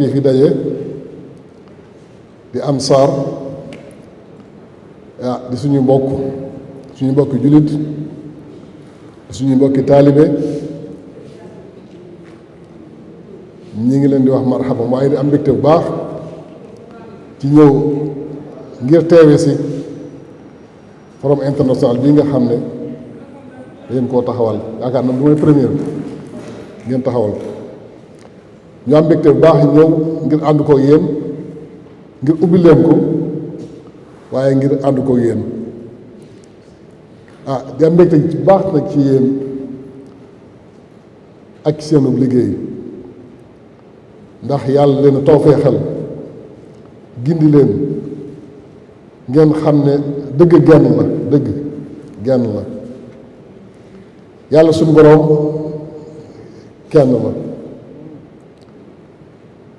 yi fi daje di ansaar ah di suñu mbokk suñu mbokki jullit di suñu mbokki taalibe ñi ngi leen di wax marxaban waaye di am mbégte bu baax ci ñëw ngir teewe si forom international bii nga xam ne yéen koo taxawal yaakaar na bu mooy première ngeen taxawal ñu am mbégte bu baax ñëw ngir ànd ko yéen ngir ubbi leen ko waaye ngir ànd ko yéen ah di am baax nag ci yéen ak seenu liggéey ndax yàlla leen tawfeexal gindi leen ngeen xam ne dëgg genn la dëgg genn la yàlla suñu boroom kenn la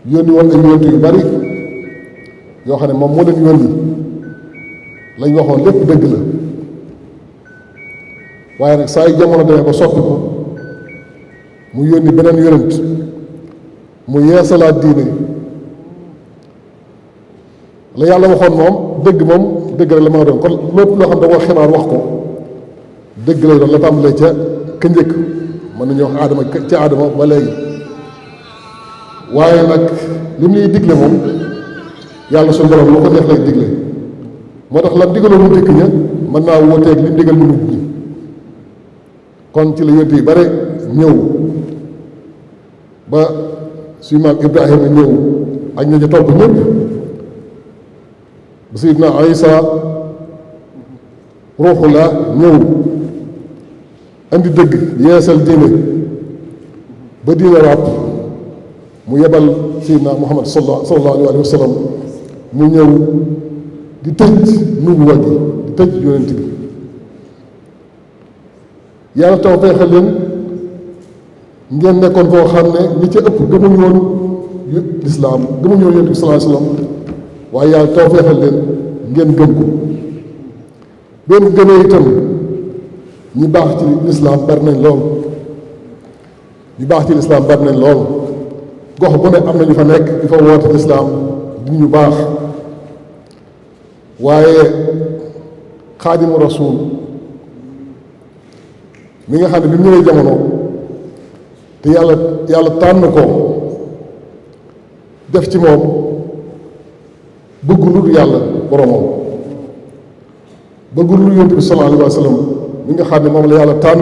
yónni woon ay yónni yu bari yoo xam ne moom moo leen lañ waxoon lépp dëgg la waaye nag saa yu jamono demee ba soppi ko mu yónni beneen yonent mu yeesalaat diine la yàlla waxoon moom dëgg moom dëgg la mën a doon kon lépp loo xam da xibaar wax ko dëgg lay doon la tàmbalee ca ka njëkk mën nañu wax aadama ca aadama ba léegi waaye nag li muy digle moom yàlla suñu borom lu ko neex lay digle moo tax lan digaloon mu dëkk ña mën naa wóoteeg li ndigal mu mujj kon ci la yonent bare ñëw ba suy maam Ibrahima ñëw ak ña ca topp ñëpp ba Sayyidina Isa ruuxulaa ñëw andi dëgg yeesal diine ba diine ràpp mu yebal Seydina Muhammad sallallahu alayhi wa sallam mu ñëw di tëj nubuwa gi di tëj yonent bi yàlla taw leen ngeen nekkoon koo xam ne ñi ci ëpp gëmuñu woon lislaam gëmuñu woon yonent bi waaye yàlla taw leen ngeen gëm ko benn gëmee itam ñi baax ci lislaam bari nañ lool ñi baax ci lislaam bari nañ lool gox bu ne am na ñu fa nekk di fa woote lislaam bu ñu baax waaye xaadimu rasuul mi ngi xam ne bi mu ñëwee jamono te yàlla yàlla tànn ko def ci moom bëggu lu yàlla boromam bëggu lu yonent bi sallallahu alayhi wa sallam mi xam ne moom la yàlla tànn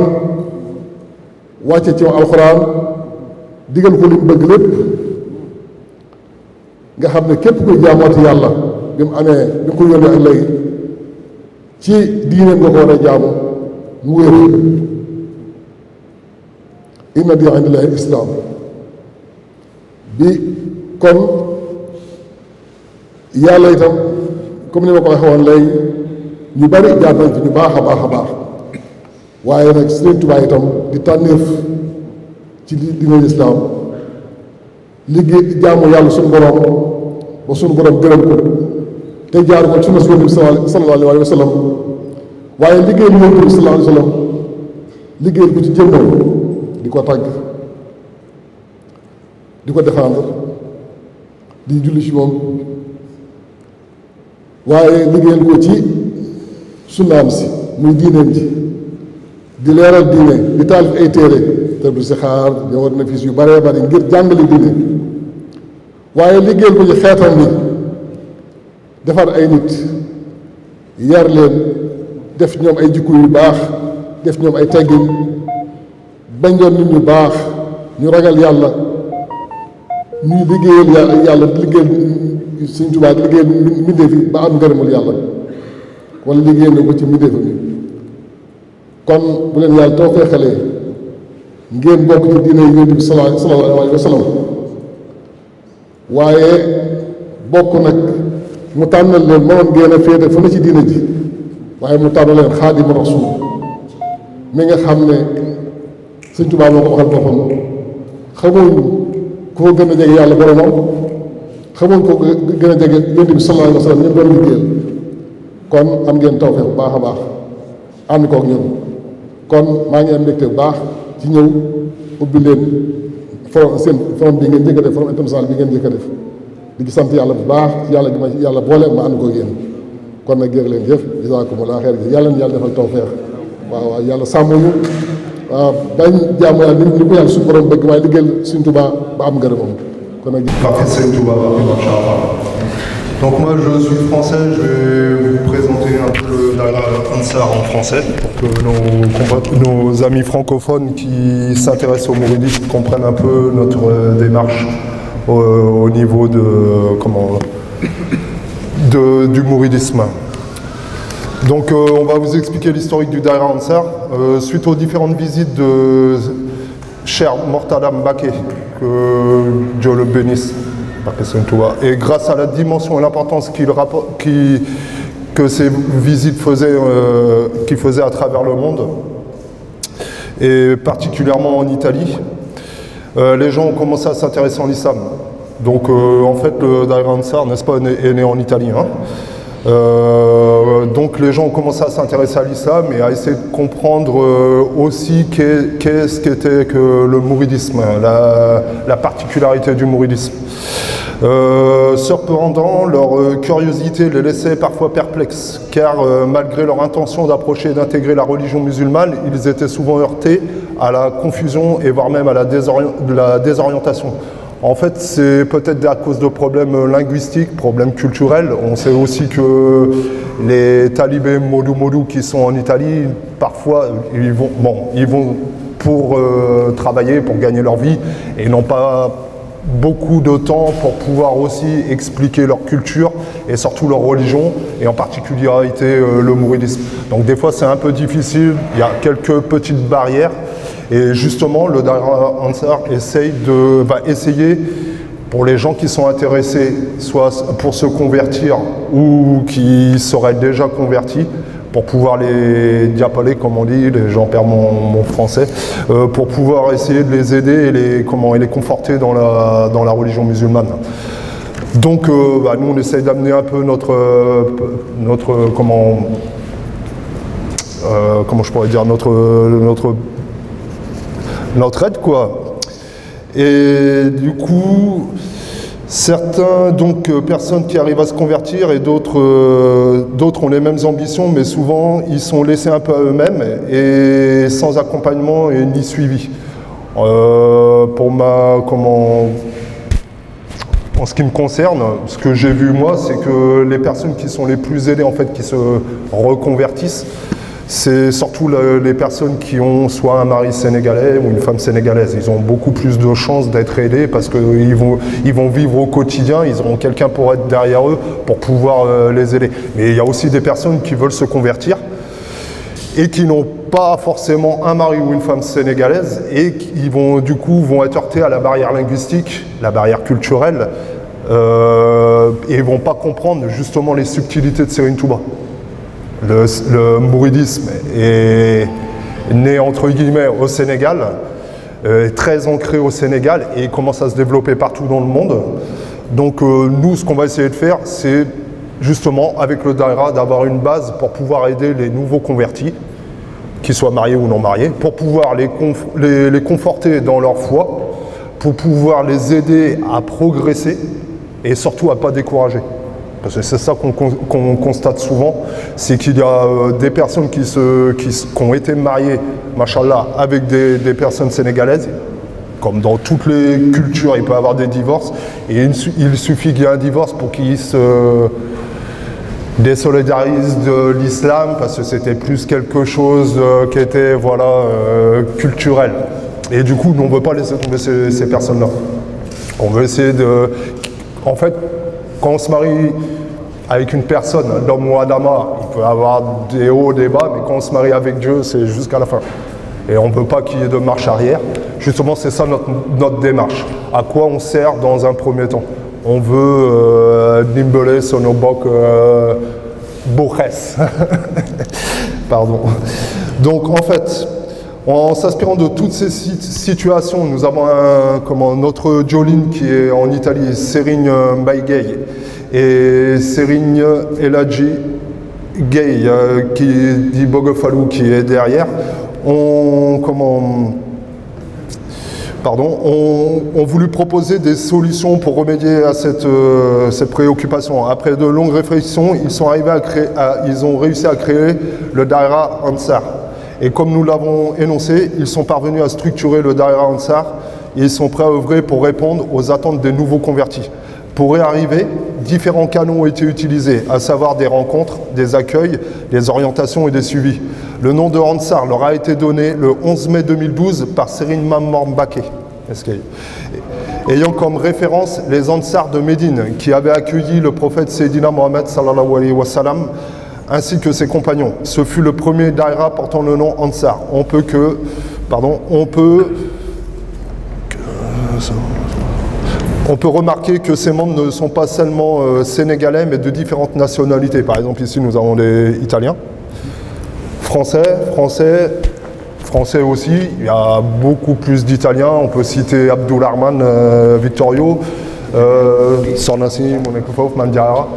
wàcce ci moom alxuraan digal ko li mu bëgg lépp nga xam ne képp kuy jaamooti yàlla bi mu amee bi ko yónnee ak léegi ci diineem nga ko war a jaamu mu wér inna diina indallaahi al-islaam bi kon yàlla itam comme ni ma ko waxee woon ñu bari jaar nañ ñu baax a baax a baax waaye nag Sëriñ Tuubaa itam di tànneef ci diine lislaam liggéey jaamu yàlla suñu borom ba suñu borom gërëm ko te jaar ko sunna si yonent bi sallallahu alayhi wa sallam waaye ko ci jëmmam di ko tàgg di ko défendre di julli ci moom waaye liggéeyal ko ci sunnaam si muy diineem ji di leeral diine di taalif ay téere tëddu si xaar jawar na fis yu baree bari ngir jàngale diine waaye liggéeyal ko ci xeetam bi defar ay nit yar leen def ñoom ay jikko yu baax def ñoom ay teggin bañ doon nit ñu baax ñu ragal yàlla ñuy liggéeyal yàlla yàlla liggéeyal suñ tubaab liggéeyal mbindeef yi ba am ngërëmul yàlla wala liggéeyal na ko ci mbindeefam yi kon bu leen yàlla too fee xalee ngeen bokk ci diine yonent bi sallallahu alayhi wa sallam waaye bokk nag mu tànnal leen mënoon ngeen a féete fu ci diine ji waaye mu tànnal leen xaadimu rasul mi nga xam ne Sëñ Tuubaa moo ko waxal boppam xamuñ ku ko gën a jege yàlla boromam xamuñ ko gën a jege yonent bi sallallahu alayhi wa sallam ñu doon liggéeyal kon am ngeen tawfeex bu baax a baax ànd kook ñun kon maa ngi am mbégte baax ci ñëw ubbi leen forom seen forom bi ngeen njëkk a def forom international bi ngeen njëkk a def di ci sant yàlla bu baax yàlla gi ma yàlla boole ma ko yéen kon nag jërë leen jëf jazakumullah xeer gi yàlla na yàlla defal tawfeex waaw waaw yàlla sàmm ñu waaw bañ jaamu yàlla ni ko yàlla suñu borom bëgg waaye liggéeyal suñ Touba ba am ngërëmam kon nag. Touba donc moi je suis Abdallah Ansar en français, pour que nos, nos amis francophones qui s'intéressent aux mouridistes comprennent un peu notre euh, démarche au, euh, au niveau de, comment, de, du mouridisme. Donc euh, on va vous expliquer l'historique du Daïra Ansar. Euh, suite aux différentes visites de cher Mortada Mbake, que Dieu le bénisse, et grâce à la dimension et l'importance qu'il qu que ces visites faisaient, euh, qu'ils faisaient à travers le monde, et particulièrement en Italie, euh, les gens ont commencé à s'intéresser en l'islam. Donc euh, en fait, le Dairan Sar, n'est-ce pas, est né, est né en Italie. Hein euh, donc les gens ont commencé à s'intéresser à l'islam et à essayer de comprendre euh, aussi qu'est-ce qu qu'était que le mouridisme, la, la particularité du mouridisme. cependant, euh, leur euh, curiosité les laissait parfois perplexes, car euh, malgré leur intention d'approcher et d'intégrer la religion musulmane, ils étaient souvent heurtés à la confusion et voire même à la, désori la désorientation. En fait, c'est peut-être à cause de problèmes linguistiques, problèmes culturels. On sait aussi que les talibés modou modou qui sont en Italie, parfois, ils vont, bon, ils vont pour euh, travailler, pour gagner leur vie, et non pas beaucoup de temps pour pouvoir aussi expliquer leur culture et surtout leur religion et en particularité euh, le mouridisme. des fois c'est un peu difficile, il y a quelques petites barrières et justement le Dara essaye pour les gens qui sont intéressés, pour se convertir ou qui seraient déjà convertis, pour pouvoir les diapaler, comme on dit, j'en perds mon, mon français, euh, pour pouvoir essayer de les aider et les, comment, et les conforter dans la, dans la religion musulmane. Donc, euh, bah, nous, on essaye d'amener un peu notre, euh, notre euh, comment, euh, comment je pourrais dire, notre, euh, notre, notre aide, quoi. Et du coup, Certains, donc, euh, personnes qui arrivent à se convertir et d'autres euh, d'autres ont les mêmes ambitions, mais souvent, ils sont laissés un peu à eux-mêmes et sans accompagnement et ni suivi. Euh, pour ma... comment... En ce qui me concerne, ce que j'ai vu moi, c'est que les personnes qui sont les plus aidées, en fait, qui se reconvertissent, c'est surtout le, les personnes qui ont soit un mari sénégalais ou une femme sénégalaise. Ils ont beaucoup plus de chances d'être aidés parce qu'ils vont, ils vont vivre au quotidien, ils auront quelqu'un pour être derrière eux, pour pouvoir euh, les aider. Mais il y a aussi des personnes qui veulent se convertir et qui n'ont pas forcément un mari ou une femme sénégalaise et qui vont du coup vont être heurtés à la barrière linguistique, la barrière culturelle euh, et vont pas comprendre Le, le mouridisme est né entre guillemets au Sénégal, euh, est très ancré au Sénégal et commence à se développer partout dans le monde. Donc euh, nous, ce qu'on va essayer de faire, c'est justement avec le Daira d'avoir une base pour pouvoir aider les nouveaux convertis, qu'ils soient mariés ou non mariés, pour pouvoir les, conforter dans leur foi, pour pouvoir les aider à progresser et surtout à pas décourager. Parce que c'est ça qu'on qu constate souvent, c'est qu'il y a euh, des personnes qui, se, qui, qui ont été mariées, machallah, avec des, des, personnes sénégalaises. Comme dans toutes les cultures, il peut y avoir des divorces. Et il, il suffit qu'il y ait un divorce pour qu'ils se désolidarisent de l'islam, parce que c'était plus quelque chose euh, qui était voilà, euh, culturel. Et du coup, nous, on ne veut pas laisser tomber ces, ces personnes-là. On veut essayer de... En fait, quand on se marie avec une personne, l'homme ou Adama, il peut avoir des hauts, des bas, mais quand on se marie avec Dieu, c'est jusqu'à la fin. Et on ne peut pas qu'il y ait de marche arrière. Justement, c'est ça notre, notre, démarche. À quoi on sert dans un premier temps On veut euh, nimbler sur nos bocs euh, Pardon. Donc, en fait, En s'inspirant de toutes ces situations, nous avons un, comment, notre Jolene qui est en Italie, Serigne euh, Maigay et Serigne Eladji Gay, euh, qui dit Bogofalou qui est derrière. On, comment, pardon, ont, on voulu proposer des solutions pour remédier à cette, euh, cette, préoccupation. Après de longues réflexions, ils, sont arrivés à créer, à, ils ont réussi à créer le Daira Ansar. Et comme nous l'avons énoncé, ils sont parvenus à structurer le Daïra Ansar et ils sont prêts à œuvrer pour répondre aux attentes des nouveaux convertis. Pour y différents canons ont été utilisés, à savoir des rencontres, des accueils, des orientations et des suivis. Le nom de Ansar leur a été donné le mai par Serine Mammor Mbake, ayant comme référence les Ansars de Médine qui avaient accueilli le prophète Sayyidina Mohammed sallallahu alayhi wa ainsi que ses compagnons. Ce fut le premier daïra portant le nom Ansar. On peut que, pardon, on peut, on peut remarquer que ces membres ne sont pas seulement euh, sénégalais, mais de différentes nationalités. Par exemple, ici, nous avons des Italiens, Français, Français, Français aussi. Il y a beaucoup plus d'Italiens. On peut citer Abdulrahman euh, Vittorio, euh, Sornassi, Monaco Mandiara.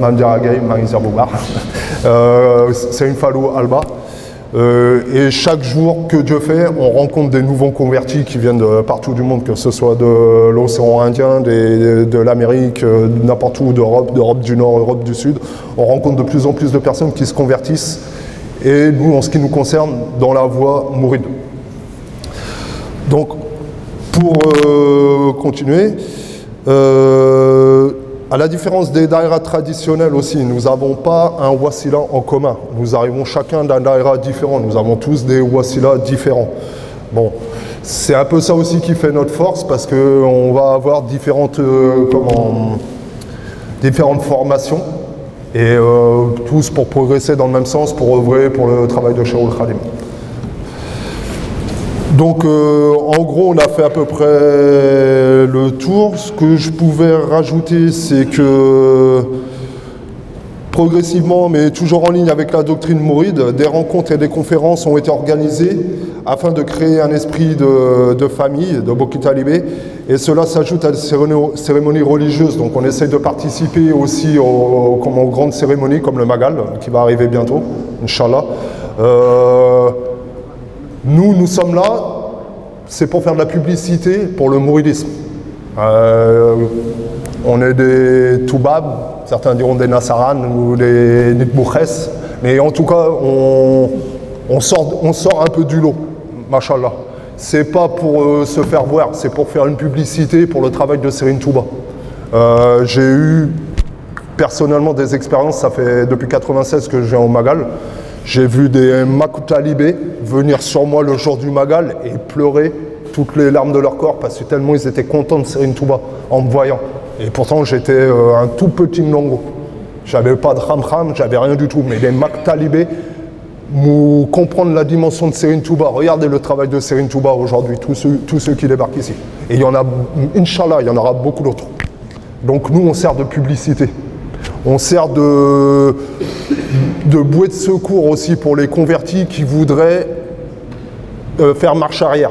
Mam Diarra Gueye maa ngi ziar bu baax Serigne Fallou Alba euh, et chaque jour que Dieu fait on rencontre des nouveaux convertis qui viennent de partout du monde que ce soit de l'océan Indien des, de l'Amérique euh, n'importe où d'Europe d'Europe du Nord Europe du Sud on rencontre de plus en plus de personnes qui se convertissent et nous en ce qui nous concerne dans la voie mouride donc pour euh, continuer euh, À la différence des daïras traditionnels aussi, nous n'avons pas un wasila en commun. Nous arrivons chacun d'un daïra différent. Nous avons tous des wasilas différents. Bon, c'est un peu ça aussi qui fait notre force parce qu'on va avoir différentes, euh, comment, différentes formations et euh, tous pour progresser dans le même sens, pour œuvrer pour le travail de Cheroul Khadim. Donc euh, en gros on a fait à peu près le tour. Ce que je pouvais rajouter c'est que progressivement mais toujours en ligne avec la doctrine mouride, des rencontres et des conférences ont été organisées afin de créer un esprit de, de famille, de Bokitalibé. Et cela s'ajoute à des cérémonies religieuses. Donc on essaie de participer aussi aux, aux, aux grandes cérémonies comme le Magal qui va arriver bientôt, Inch'Allah. Euh, Nous, nous sommes là, c'est pour faire pour le mouridisme. Euh, on est des Toubab, certains diront mais en tout cas, on, on, sort, on sort un peu du lot, machallah. C'est pas pour euh, pour faire une publicité pour le travail de Serine Touba. Euh, J'ai vu des Makutalibé venir sur moi le jour du Magal et pleurer toutes les larmes de leur corps parce que tellement ils étaient contents de Serine Touba en me voyant. Et pourtant j'étais euh, un tout petit Ndongo. J'avais pas de ram-ram, j'avais rien du tout. Mais les Makutalibé, nous comprendre la dimension de Serine Touba. Regardez le travail de Serine Touba aujourd'hui, tous ceux, tous ceux qui débarquent ici. Et il y en a, Inch'Allah, il y en aura beaucoup d'autres. Donc nous, on sert de publicité. On sert de, de bouée de secours aussi pour les convertis qui voudraient euh, faire marche arrière.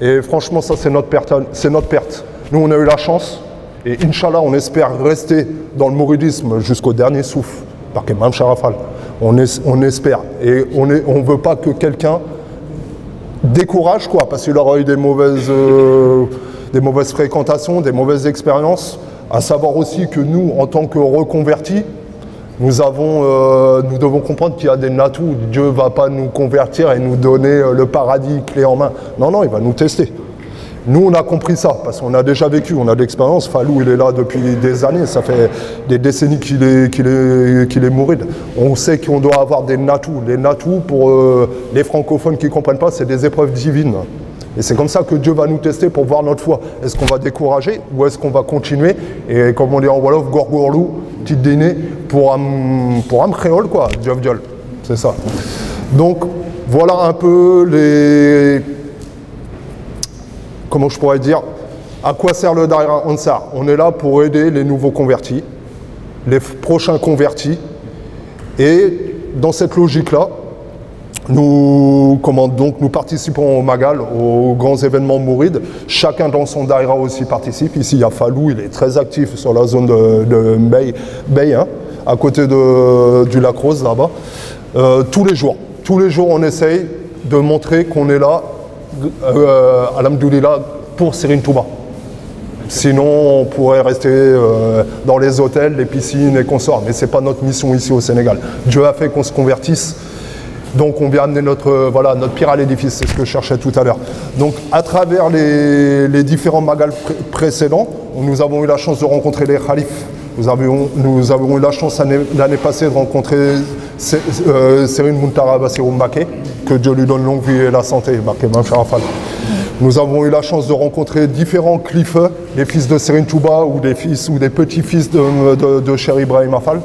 Et franchement, ça, c'est notre, perte, c'est notre perte. Nous, on a eu la chance. Et Inch'Allah, on espère rester dans le mouridisme jusqu'au dernier souffle, par Kemam Sharafal. On, es, on, espère. Et on ne on veut pas que quelqu'un décourage, quoi, parce qu'il aura eu des mauvaises, euh, des mauvaises fréquentations, des mauvaises expériences. À savoir aussi que nous, en tant que reconvertis, nous, avons, euh, nous devons comprendre qu'il y a des natous. Dieu ne va pas nous convertir et nous donner euh, le paradis clé en main. Non, non, il va nous tester. Nous, on a compris ça, parce qu'on a déjà vécu, on a de l'expérience. Falou, il est là depuis des années, ça fait des décennies qu'il est, qu'il est, qu'il est mouride. On sait qu'on doit avoir des natous. Les natous, pour euh, les francophones qui ne comprennent pas, c'est des épreuves divines. Et c'est comme ça que Dieu va nous tester pour voir notre foi. Est-ce qu'on va décourager ou est-ce qu'on va continuer Et comme on dit en Wolof, gorgourlou, petite dîner pour un, pour un créole, quoi, diop diol. C'est ça. Donc, voilà un peu les. Comment je pourrais dire À quoi sert le Daira Ansar On est là pour aider les nouveaux convertis, les prochains convertis. Et dans cette logique-là, Nous, comment, donc, nous participons au Magal, aux grands événements mourides. Chacun dans son daïra aussi participe. Ici, il y a Falou, il est très actif sur la zone de, de Bay, Bay hein, à côté de, du Lac Rose, là-bas. Euh, tous les jours. Tous les jours, on essaye de montrer qu'on est là, euh, Alhamdoulilah, pour Sirin Touba. Sinon, on pourrait rester euh, dans les hôtels, les piscines et consorts. Mais ce n'est pas notre mission ici au Sénégal. Dieu a fait qu'on se convertisse Donc on vient amener notre, euh, voilà, notre pierre à l'édifice, c'est ce que je cherchais tout à l'heure. Donc à travers les, les différents magal pré précédents, nous avons eu la chance de rencontrer les khalifs. Nous avons, nous avons eu la chance l'année passée de rencontrer euh, Serine Muntara Mbake, que Dieu lui donne longue vie et la santé, Mbake Manfarafal. Nous avons eu la chance de rencontrer différents cliffes, les fils de Serine Touba ou des fils ou des petits-fils de, de, de Cher Ibrahim Afal.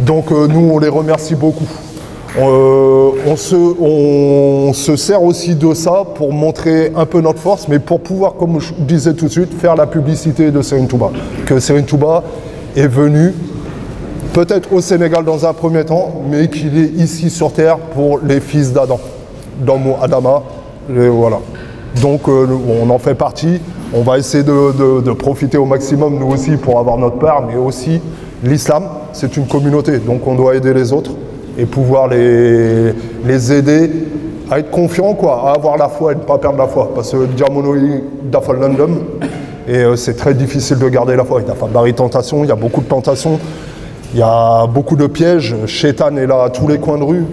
Donc euh, nous, on les remercie beaucoup. Euh, on, se, on, sert aussi de ça pour montrer un peu notre force, mais pour pouvoir, comme je disais tout de suite, faire la publicité de Serine Touba. Que Serine Touba est venu peut-être au Sénégal dans un premier temps, mais qu'il est ici sur Terre pour les fils d'Adam, dans mon Adama. Et voilà. Donc euh, on en fait partie. On va essayer de, de, de profiter au maximum, nous aussi, pour avoir notre part, mais aussi l'islam, c'est une communauté, donc on doit aider les autres. et pouvoir les, aider à être confiants, quoi, à avoir la foi et ne pas perdre la foi. Parce que Diamono Dafal London, et euh, c'est très difficile de garder la foi. Il y a Tentation, il a beaucoup de tentations, il a beaucoup de pièges. Shaitan est là tous les coins de rue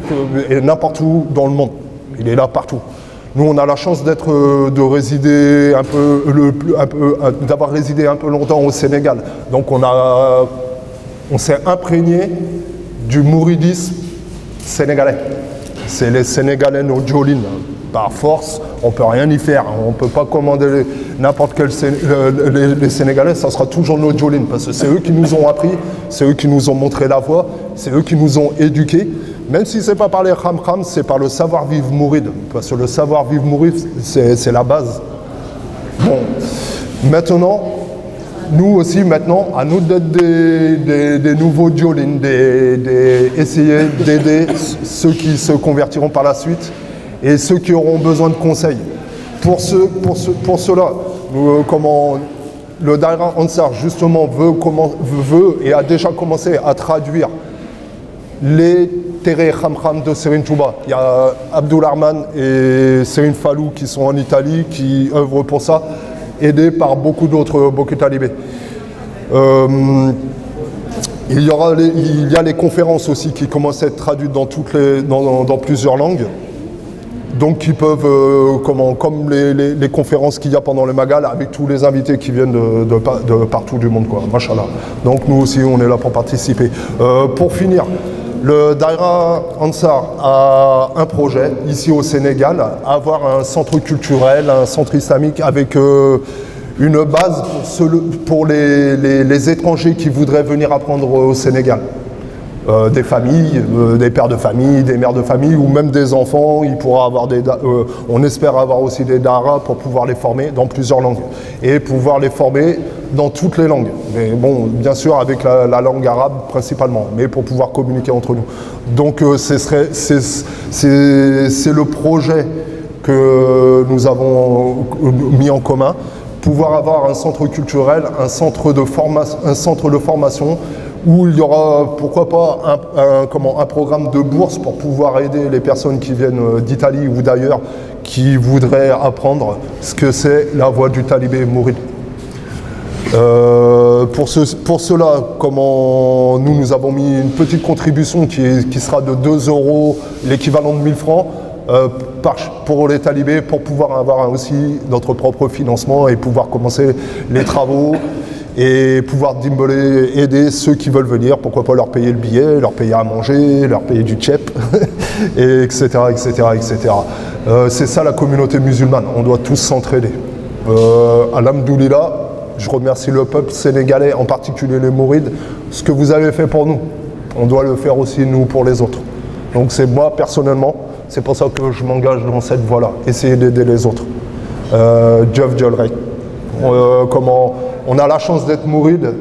et n'importe où dans le monde. Il est là partout. Nous, on a la chance d'être, euh, de résider euh, un peu, longtemps au Sénégal. Donc, on s'est imprégné du mouridisme sénégalais. C'est les Sénégalais nos Jolines. Par force, on ne peut rien y faire. On ne peut pas commander n'importe quel Sén le, les, les, Sénégalais, ça sera toujours nos Jolines. Parce que c'est eux qui nous ont appris, c'est eux qui nous ont montré la voie, c'est eux qui nous ont éduqués. Même si ce n'est pas par les Kham c'est par le savoir-vivre mouride. Parce que le savoir-vivre mouride, c'est la base. Bon. Maintenant, nous aussi maintenant, à nous d'être des, des, des, nouveaux Jolin, des, des, essayer d'aider ceux qui se convertiront par la suite et ceux qui auront besoin de conseils. Pour, ce, pour, ce, pour cela, nous, euh, comment, le Daira Ansar justement veut, comment, veut et a déjà commencé à traduire les Tere Khamkham de Serine Touba. Il y a Abdul Arman et Serine Falou qui sont en Italie, qui œuvrent pour ça. aidé par beaucoup d'autres beaucoup talibés. Euh, il, y aura les, il y a les conférences aussi qui commencent à être traduites dans, toutes les, dans, dans, dans plusieurs langues. Donc qui peuvent, euh, comment, comme les, les, les conférences qu'il y a pendant le Magal, avec tous les invités qui viennent de, de, de partout du monde, quoi, machallah. Donc nous aussi, on est là pour participer. Euh, pour finir, Le Daira Ansar a un projet ici au Sénégal, avoir un centre culturel, un centre islamique avec euh, une base pour, ce, pour les, les, les étrangers qui voudraient venir apprendre au Sénégal. euh, des familles, euh, des pères de famille, des mères de famille ou même des enfants. Il pourra avoir des, euh, on espère avoir aussi des daras pour pouvoir les former dans plusieurs langues et pouvoir les former dans toutes les langues. Mais bien sûr avec la, langue arabe principalement, mais pour pouvoir communiquer entre nous. Donc euh, c'est le projet que nous avons euh, mis en commun pouvoir avoir un centre culturel, de, un centre de formation où il y aura pourquoi pas un, un, comment, un programme de bourse pour pouvoir aider les personnes qui viennent euh, d'Italie ou d'ailleurs qui voudraient apprendre ce que c'est la voie du talibé Mourid. Euh, pour, ce, pour, cela, comment nous, nous avons mis une petite contribution qui, est, qui sera de 2 euros, l'équivalent de 1000 francs, euh, par, pour les talibés, pour pouvoir avoir aussi notre propre financement et pouvoir commencer les travaux et pouvoir dimballer, aider ceux qui veulent venir, pourquoi pas leur payer le billet, leur payer à manger, leur payer du tchep, et etc. etc., euh, c'est ça la communauté musulmane, on doit tous s'entraider. Euh, Alhamdoulilah, je remercie le peuple sénégalais, en particulier les Mourides, ce que vous avez fait pour nous. On doit le faire aussi nous pour les autres. Donc c'est moi personnellement, c'est pour ça que je m'engage dans cette voie-là, essayer d'aider les autres. Euh, on a la chance d'être mouride,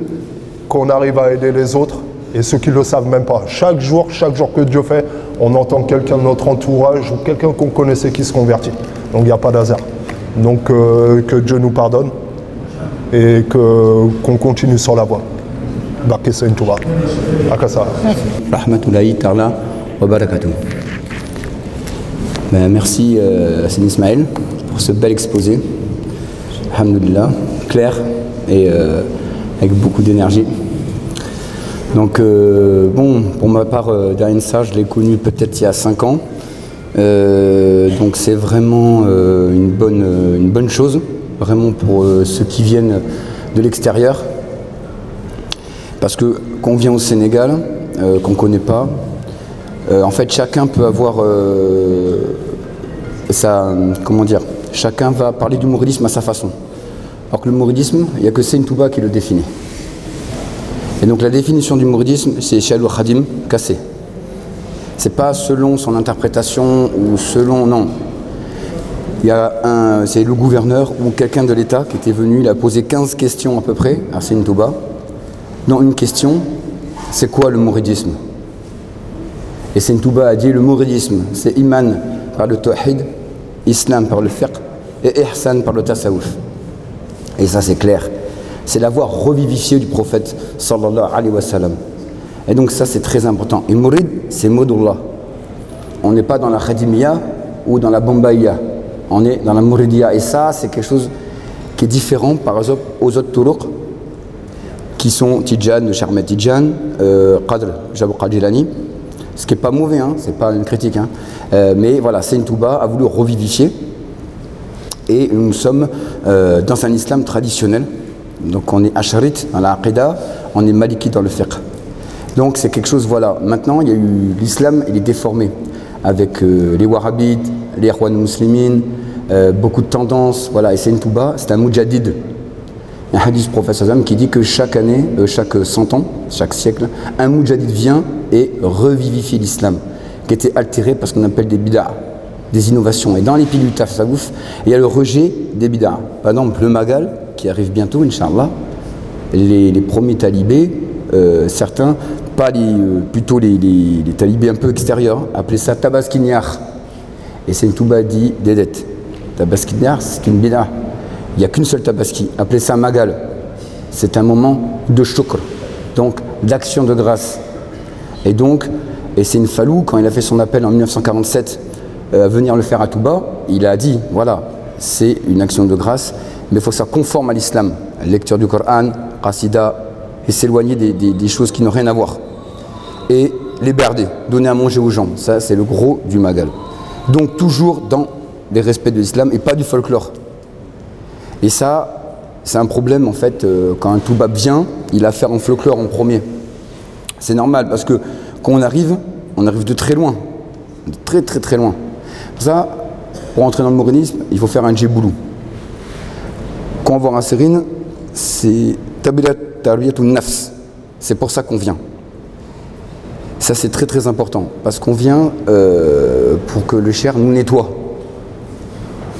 qu'on arrive à aider les autres et ceux qui ne savent même pas. Chaque jour, chaque jour que Dieu fait, on entend quelqu'un de notre entourage ou quelqu'un qu'on connaissait qui se convertit. Donc il n'y a pas d'hasard. Euh, que Dieu nous pardonne et qu'on continue sur la voie. Barke Seigne Touba. Akasa. Rahmatullahi Tarla wa barakatuh. merci euh, Hassan et euh, avec beaucoup d'énergie. Donc euh, bon, pour ma part, euh, Dainsa, je l'ai connu peut-être il y a 5 ans. Euh, donc c'est vraiment euh, une, bonne, une bonne chose, vraiment pour euh, ceux qui viennent de l'extérieur. Parce que quand on vient au Sénégal, qu'on ne connaît pas, en fait chacun peut avoir sa... comment dire Chacun va parler du d'humorisme à sa façon. Alors que le mouridisme, il n'y a que Sein Touba qui le définit. Et donc la définition du mouridisme, c'est Shalou Khadim cassé. C'est pas selon son interprétation ou selon. Non. Il y a un, gouverneur ou quelqu'un de l'État qui était venu, il a posé 15 questions à peu près à Sein Touba. une question, c'est quoi le mouridisme Et Sein Touba a dit le mouridisme, c'est iman par le tawhid, islam par le fiqh et ihsan par le tasawuf. Et ça, c'est clair. C'est la voix revivifiée du prophète sallallahu alayhi wa sallam. Et donc, ça, c'est très important. Et mourid, c'est Moudullah. On n'est pas dans la Khadimiyya ou dans la Bombaïya. On est dans la Mouridiya. Et ça, c'est quelque chose qui est différent par exemple aux autres turuq qui sont Tijan, de Charmet Tijan, euh, Qadr, Jabou Qadjilani. Ce qui n'est pas mauvais, hein, c'est pas une critique. Hein. Euh, mais voilà, c'est une touba a voulu revivifier. et nous sommes euh, dans un islam traditionnel. Donc on est asharit dans la aqidah, on est maliki dans le fiqh. Donc c'est quelque chose, voilà. Maintenant, il y a eu l'islam, il est déformé avec euh, les wahhabites, les Irwan muslimines, euh, beaucoup de tendances. Voilà, et c'est Touba, c'est un mujadid. Un hadith professeur Zam qui dit que chaque année, euh, chaque 100 ans, chaque siècle, un mujadid vient et revivifie l'islam, qui était altéré parce qu'on appelle des bid'ah. des innovations. Et dans les pilules Tafsagouf, il y a le rejet des bid'as. Par exemple, le Magal, qui arrive bientôt, Inch'Allah, les, les premiers talibés, euh, certains, pas les, euh, plutôt les, les, les, talibés un peu extérieurs, appelaient ça Tabaskinyar. Et c'est une toubadi des dettes. Tabaskinyar, c'est une tabaski. Appelez ça Magal. C'est un moment de de grâce. donc, et a fait son appel en 1947 euh, venir le faire à Touba, il a dit, voilà, c'est une action de grâce, mais il faut que ça conforme à l'islam. Lecture du Coran, Qasida, et s'éloigner des, des, des, choses qui n'ont rien à voir. Et les berder, donner à manger aux gens, c'est le gros du magal. Donc toujours dans les respects de l'islam et pas du folklore. Et ça, c'est un problème en fait, euh, quand un Touba bien, il a affaire en folklore en premier. C'est normal parce que quand on arrive, on arrive de très Pour ça, pour entrer dans le mourénisme, il faut faire un djiboulou. Quand on va en Sérine, c'est tabiyatul nafs. C'est pour ça qu'on vient. Ça, c'est très très important. Parce qu'on vient euh, pour que le cher nous nettoie.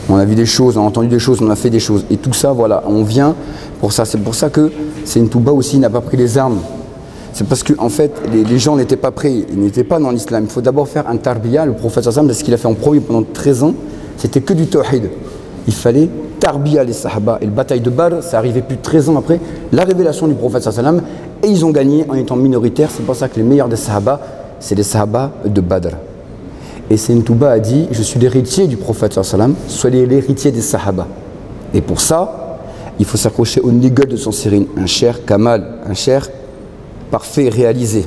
On a vu des choses, on a entendu des choses, on a fait des choses. Et tout ça, voilà, on vient pour ça. C'est pour ça que Sentouba aussi n'a pas pris les armes c'est parce que en fait, les, les gens n'étaient pas prêts, ils n'étaient pas dans l'islam. Il faut d'abord faire un tarbiya. Le prophète sallam, c'est ce qu'il a fait en premier pendant 13 ans, c'était que du tawhid. Il fallait tarbiya les sahaba. Et la bataille de Badr, ça arrivait plus de 13 ans après la révélation du prophète sallam, et ils ont gagné en étant minoritaires. C'est pour ça que les meilleurs des sahaba, c'est les sahaba de Badr. Et Saint Touba a dit Je suis l'héritier du prophète sallam, soyez l'héritier des sahaba. Et pour ça, il faut s'accrocher au nigel de son sirine, un cher Kamal, un cher parfait réalisé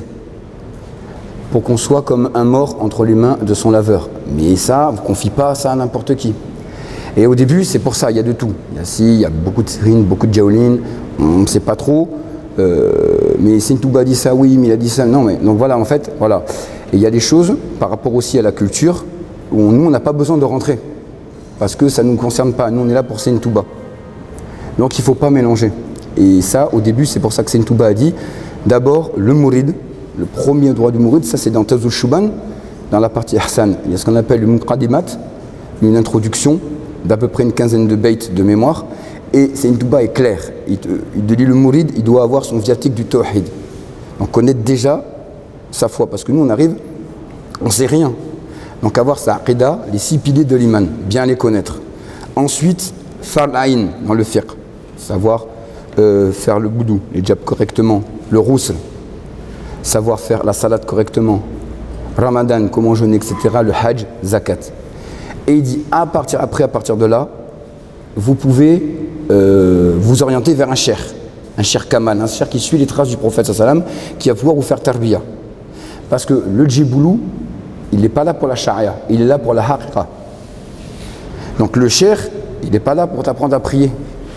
pour qu'on soit comme un mort entre les mains de son laveur. Mais ça, on ne confie pas ça à n'importe qui. Et au début, c'est pour ça, il y a de tout. Il y a si, il y a beaucoup de Serine, beaucoup de Jaolin, on ne sait pas trop. Euh, mais Sintouba a dit ça, oui, mais il a dit ça, non. Mais, donc voilà, en fait, voilà. Et il y a des choses par rapport aussi à la culture où on, nous, on n'a pas besoin de rentrer. Parce que ça ne nous concerne pas. Nous, on est là pour Sintouba. Donc il ne faut pas mélanger. Et ça, au début, c'est pour ça que Sintouba a dit D'abord, le mouride, le premier droit du mouride, c'est dans Tazul Shuban, dans la partie Ihsan. Il y a ce qu'on appelle le Muqaddimat, une introduction d'à peu près une quinzaine de baits de mémoire. Et c'est est claire. Il, dit le mouride, il doit avoir son viatique du tawhid. Donc connaître déjà sa foi, parce que nous on arrive, on sait rien. Donc avoir sa aqidah, les six piliers de l'iman, bien les connaître. Ensuite, faire l'aïn dans le fiqh, savoir euh, faire le boudou, le roussel, savoir faire la salade correctement, ramadan, comment jeûner, etc., le hajj, zakat. Et il dit, à partir, après, à partir de là, vous pouvez euh, vous orienter vers un cher, un cher kamal, un cher qui suit les traces du prophète sallam, qui va pouvoir vous faire tarbiya. Parce que le djiboulou, il n'est pas là pour la sharia, il est là pour la haqiqa. Donc le cher, il n'est pas là pour t'apprendre à prier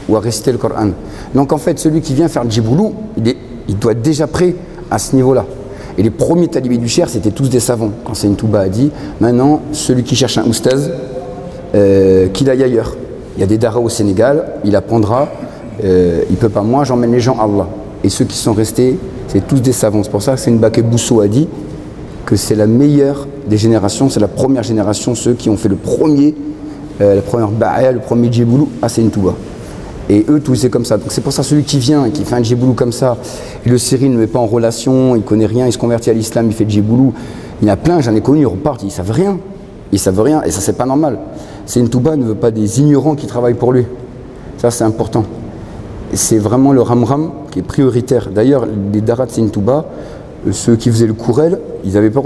ou à réciter le Coran. Donc en fait, celui qui vient faire le djiboulou, il est il doit être déjà prêt à ce niveau-là. Et les premiers talibés du Cher, c'était tous des savants. Quand c'est une touba a dit, maintenant, celui qui cherche un oustaz, euh, qu'il aille ailleurs. Il y a des daras au Sénégal, il apprendra, euh, il peut pas moi, j'emmène les gens à Allah. Et ceux qui sont restés, c'est tous des savants. C'est pour ça que c'est une baquet Bousso a dit que c'est la meilleure des générations, c'est la première génération, ceux qui ont fait le premier, euh, la première Ba'a, le premier Djeboulou, à Touba. Et eux, tous, c'est comme ça. Donc c'est pour celui qui vient qui fait un djiboulou comme ça, le Syrie ne met pas en relation, il connaît rien, il se convertit à l'islam, il fait djiboulou. Il y a plein, j'en ai connu, ils repartent, ils savent rien. Ils savent rien, et ça, c'est pas normal. C'est une touba ne veut pas des ignorants qui travaillent pour lui. Ça, c'est important. C'est vraiment le ramram qui est prioritaire. D'ailleurs, les darats, c'est euh, Ceux qui faisaient le courel, ils n'avaient pas de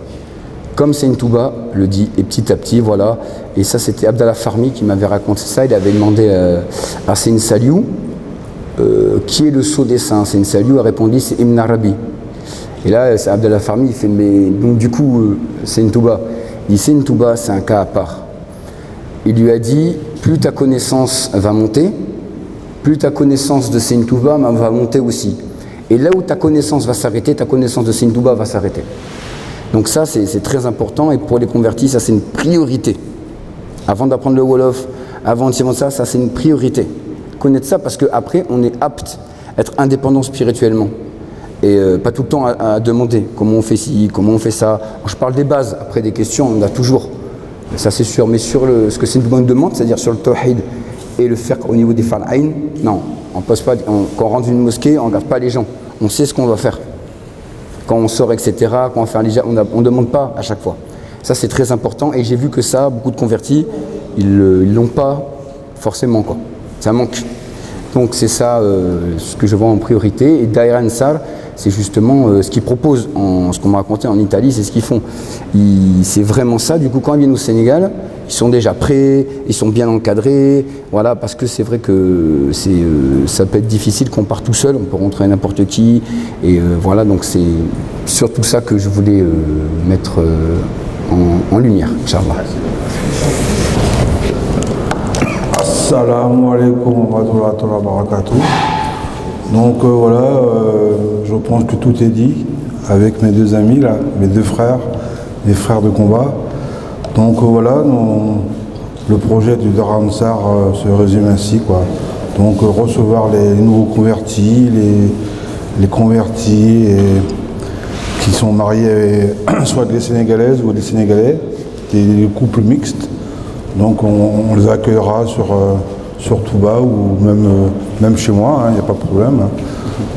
comme Saint Touba le dit, et petit à petit, voilà. Et ça, c'était Abdallah Farmi qui m'avait raconté ça. Il avait demandé euh, à, à Saint Saliou euh, qui est le sceau des saints. Saint Saliou a répondu c'est Ibn Arabi. Et là, Abdallah Farmi, il fait mais donc du coup, euh, Saint Touba. Il dit Saint Touba, c'est un cas à part. Il lui a dit plus ta connaissance va monter, plus ta connaissance de Saint Touba va monter aussi. Et là où ta connaissance va s'arrêter, ta connaissance de Saint Touba va s'arrêter. Donc ça, c'est très important et pour les convertis, ça c'est une priorité. Avant d'apprendre le Wolof, avant de ça, ça c'est une priorité. Connaître ça parce qu'après, on est apte à être indépendant spirituellement. Et euh, pas tout le temps à, à, demander comment on fait ci, comment on fait ça. Je parle des bases, après des questions, on en a toujours. Ça c'est sûr, mais sur le, ce que c'est une bonne demande, c'est-à-dire sur le tawhid et le faire au niveau des far'ain, non, on passe pas, on, quand on rentre dans une mosquée, on ne regarde pas les gens, on sait ce qu'on va faire. quand on sort, etc., quand on fait un légère, on ne demande pas à chaque fois. Ça, c'est très important et j'ai vu que ça, beaucoup de convertis, ils ne l'ont pas forcément. Quoi. Ça manque. Donc, c'est ça euh, ce que je vois en priorité. Et Daïra Ansar, c'est justement euh, ce qu'ils proposent. ce qu'on m'a raconté en Italie, c'est ce qu'ils font. C'est vraiment ça. Du coup, quand ils viennent au Sénégal, ils sont déjà prêts, ils sont bien encadrés. parce que c'est vrai que c'est, euh, ça peut être difficile qu'on part tout seul, on peut rentrer n'importe qui. Et euh, voilà, donc c'est surtout ça que je voulais euh, mettre en, en, lumière, Inch'Allah. Assalamu alaikum wa rahmatullahi wa barakatuh. Donc euh, voilà, euh, je pense que tout est dit avec mes deux amis, là, mes deux frères, mes frères de combat. Donc euh, le projet du Dharamsar se résume ainsi. Quoi. Donc recevoir les, les nouveaux convertis, les, les convertis et, qui sont mariés soit des Sénégalaises ou des Sénégalais, des, des mixtes. Donc on, les accueillera sur Touba ou euh, même, chez moi, il n'y a pas de problème.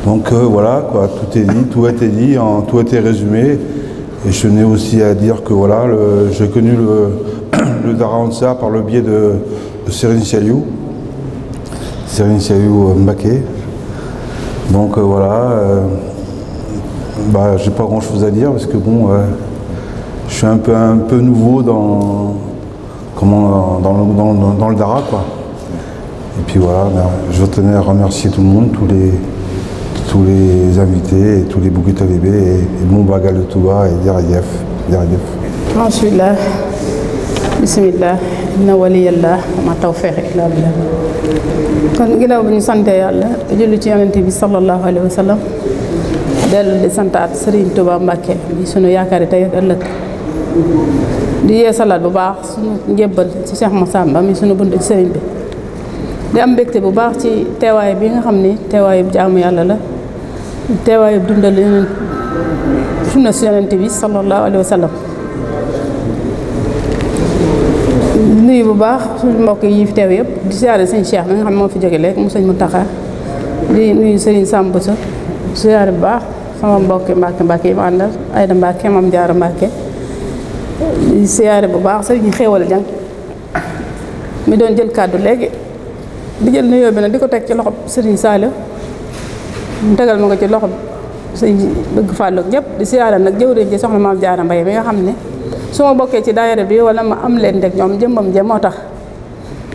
Donc euh, voilà, tout est dit, tout a en, tout a été résumé. Et je tenais aussi à dire que voilà, j'ai connu le, le Dara par le biais de, de Serine Sialiou, Serine Sialiou euh, Donc voilà, euh, bah, pas grand chose à dire parce que je suis un peu, nouveau dans, le Dara Et puis voilà, ben, je tenais à remercier tout le monde, tous les, tous les invités, et tous les Bouguit Talibé, et, et mon bagal de Touba et Deradief. Deradief. Alhamdulillah, bismillah, inna waliyallah, ma tawfiq kon ginnaaw bi ñu sante yàlla julli ci yonente bi sallallahu alayhi wa sallam santaat Serigne Touba Mbacke bi sunu yaakaari tey ëllëg di yeesalaat bu baax sunu njébbal ci Cheikh Massamba mi sunu bunt ci sëriñ bi di am mbégte bu baax ci teewaay bi nga xam ni teewaayu jaamu yàlla la teewaayub dundal sunna su yonent bi sallallahu alayhi wa sallam nuyu bu baax su mbokk yi fi teew yëpp di siyaare sëñ Cheikh mi nga xam ne moo fi jóge léegi mu sëñ Mountakha di nuyu sëriñ Samba Sa siyaare bu baax sama mbokki Mbàkke Mbàkke yi ma àndal Ayda Mbàkke Mam Jaara Mbàkke siyaare bu baax sëriñ Xéewal Jang mi doon jël kàddu léegi di jël nuyoo bi nag di ko teg ci loxo Serigne Saliou mu tegal ma ko ci loxo sëñ bëgg fàllu ñëpp di siyaare nag jëw jëwriñ ci soxna maam Jaara mbay bi nga xam ne su ma bokkee ci daayira bi wala ma am leen rek ñoom jëmbam jëm moo tax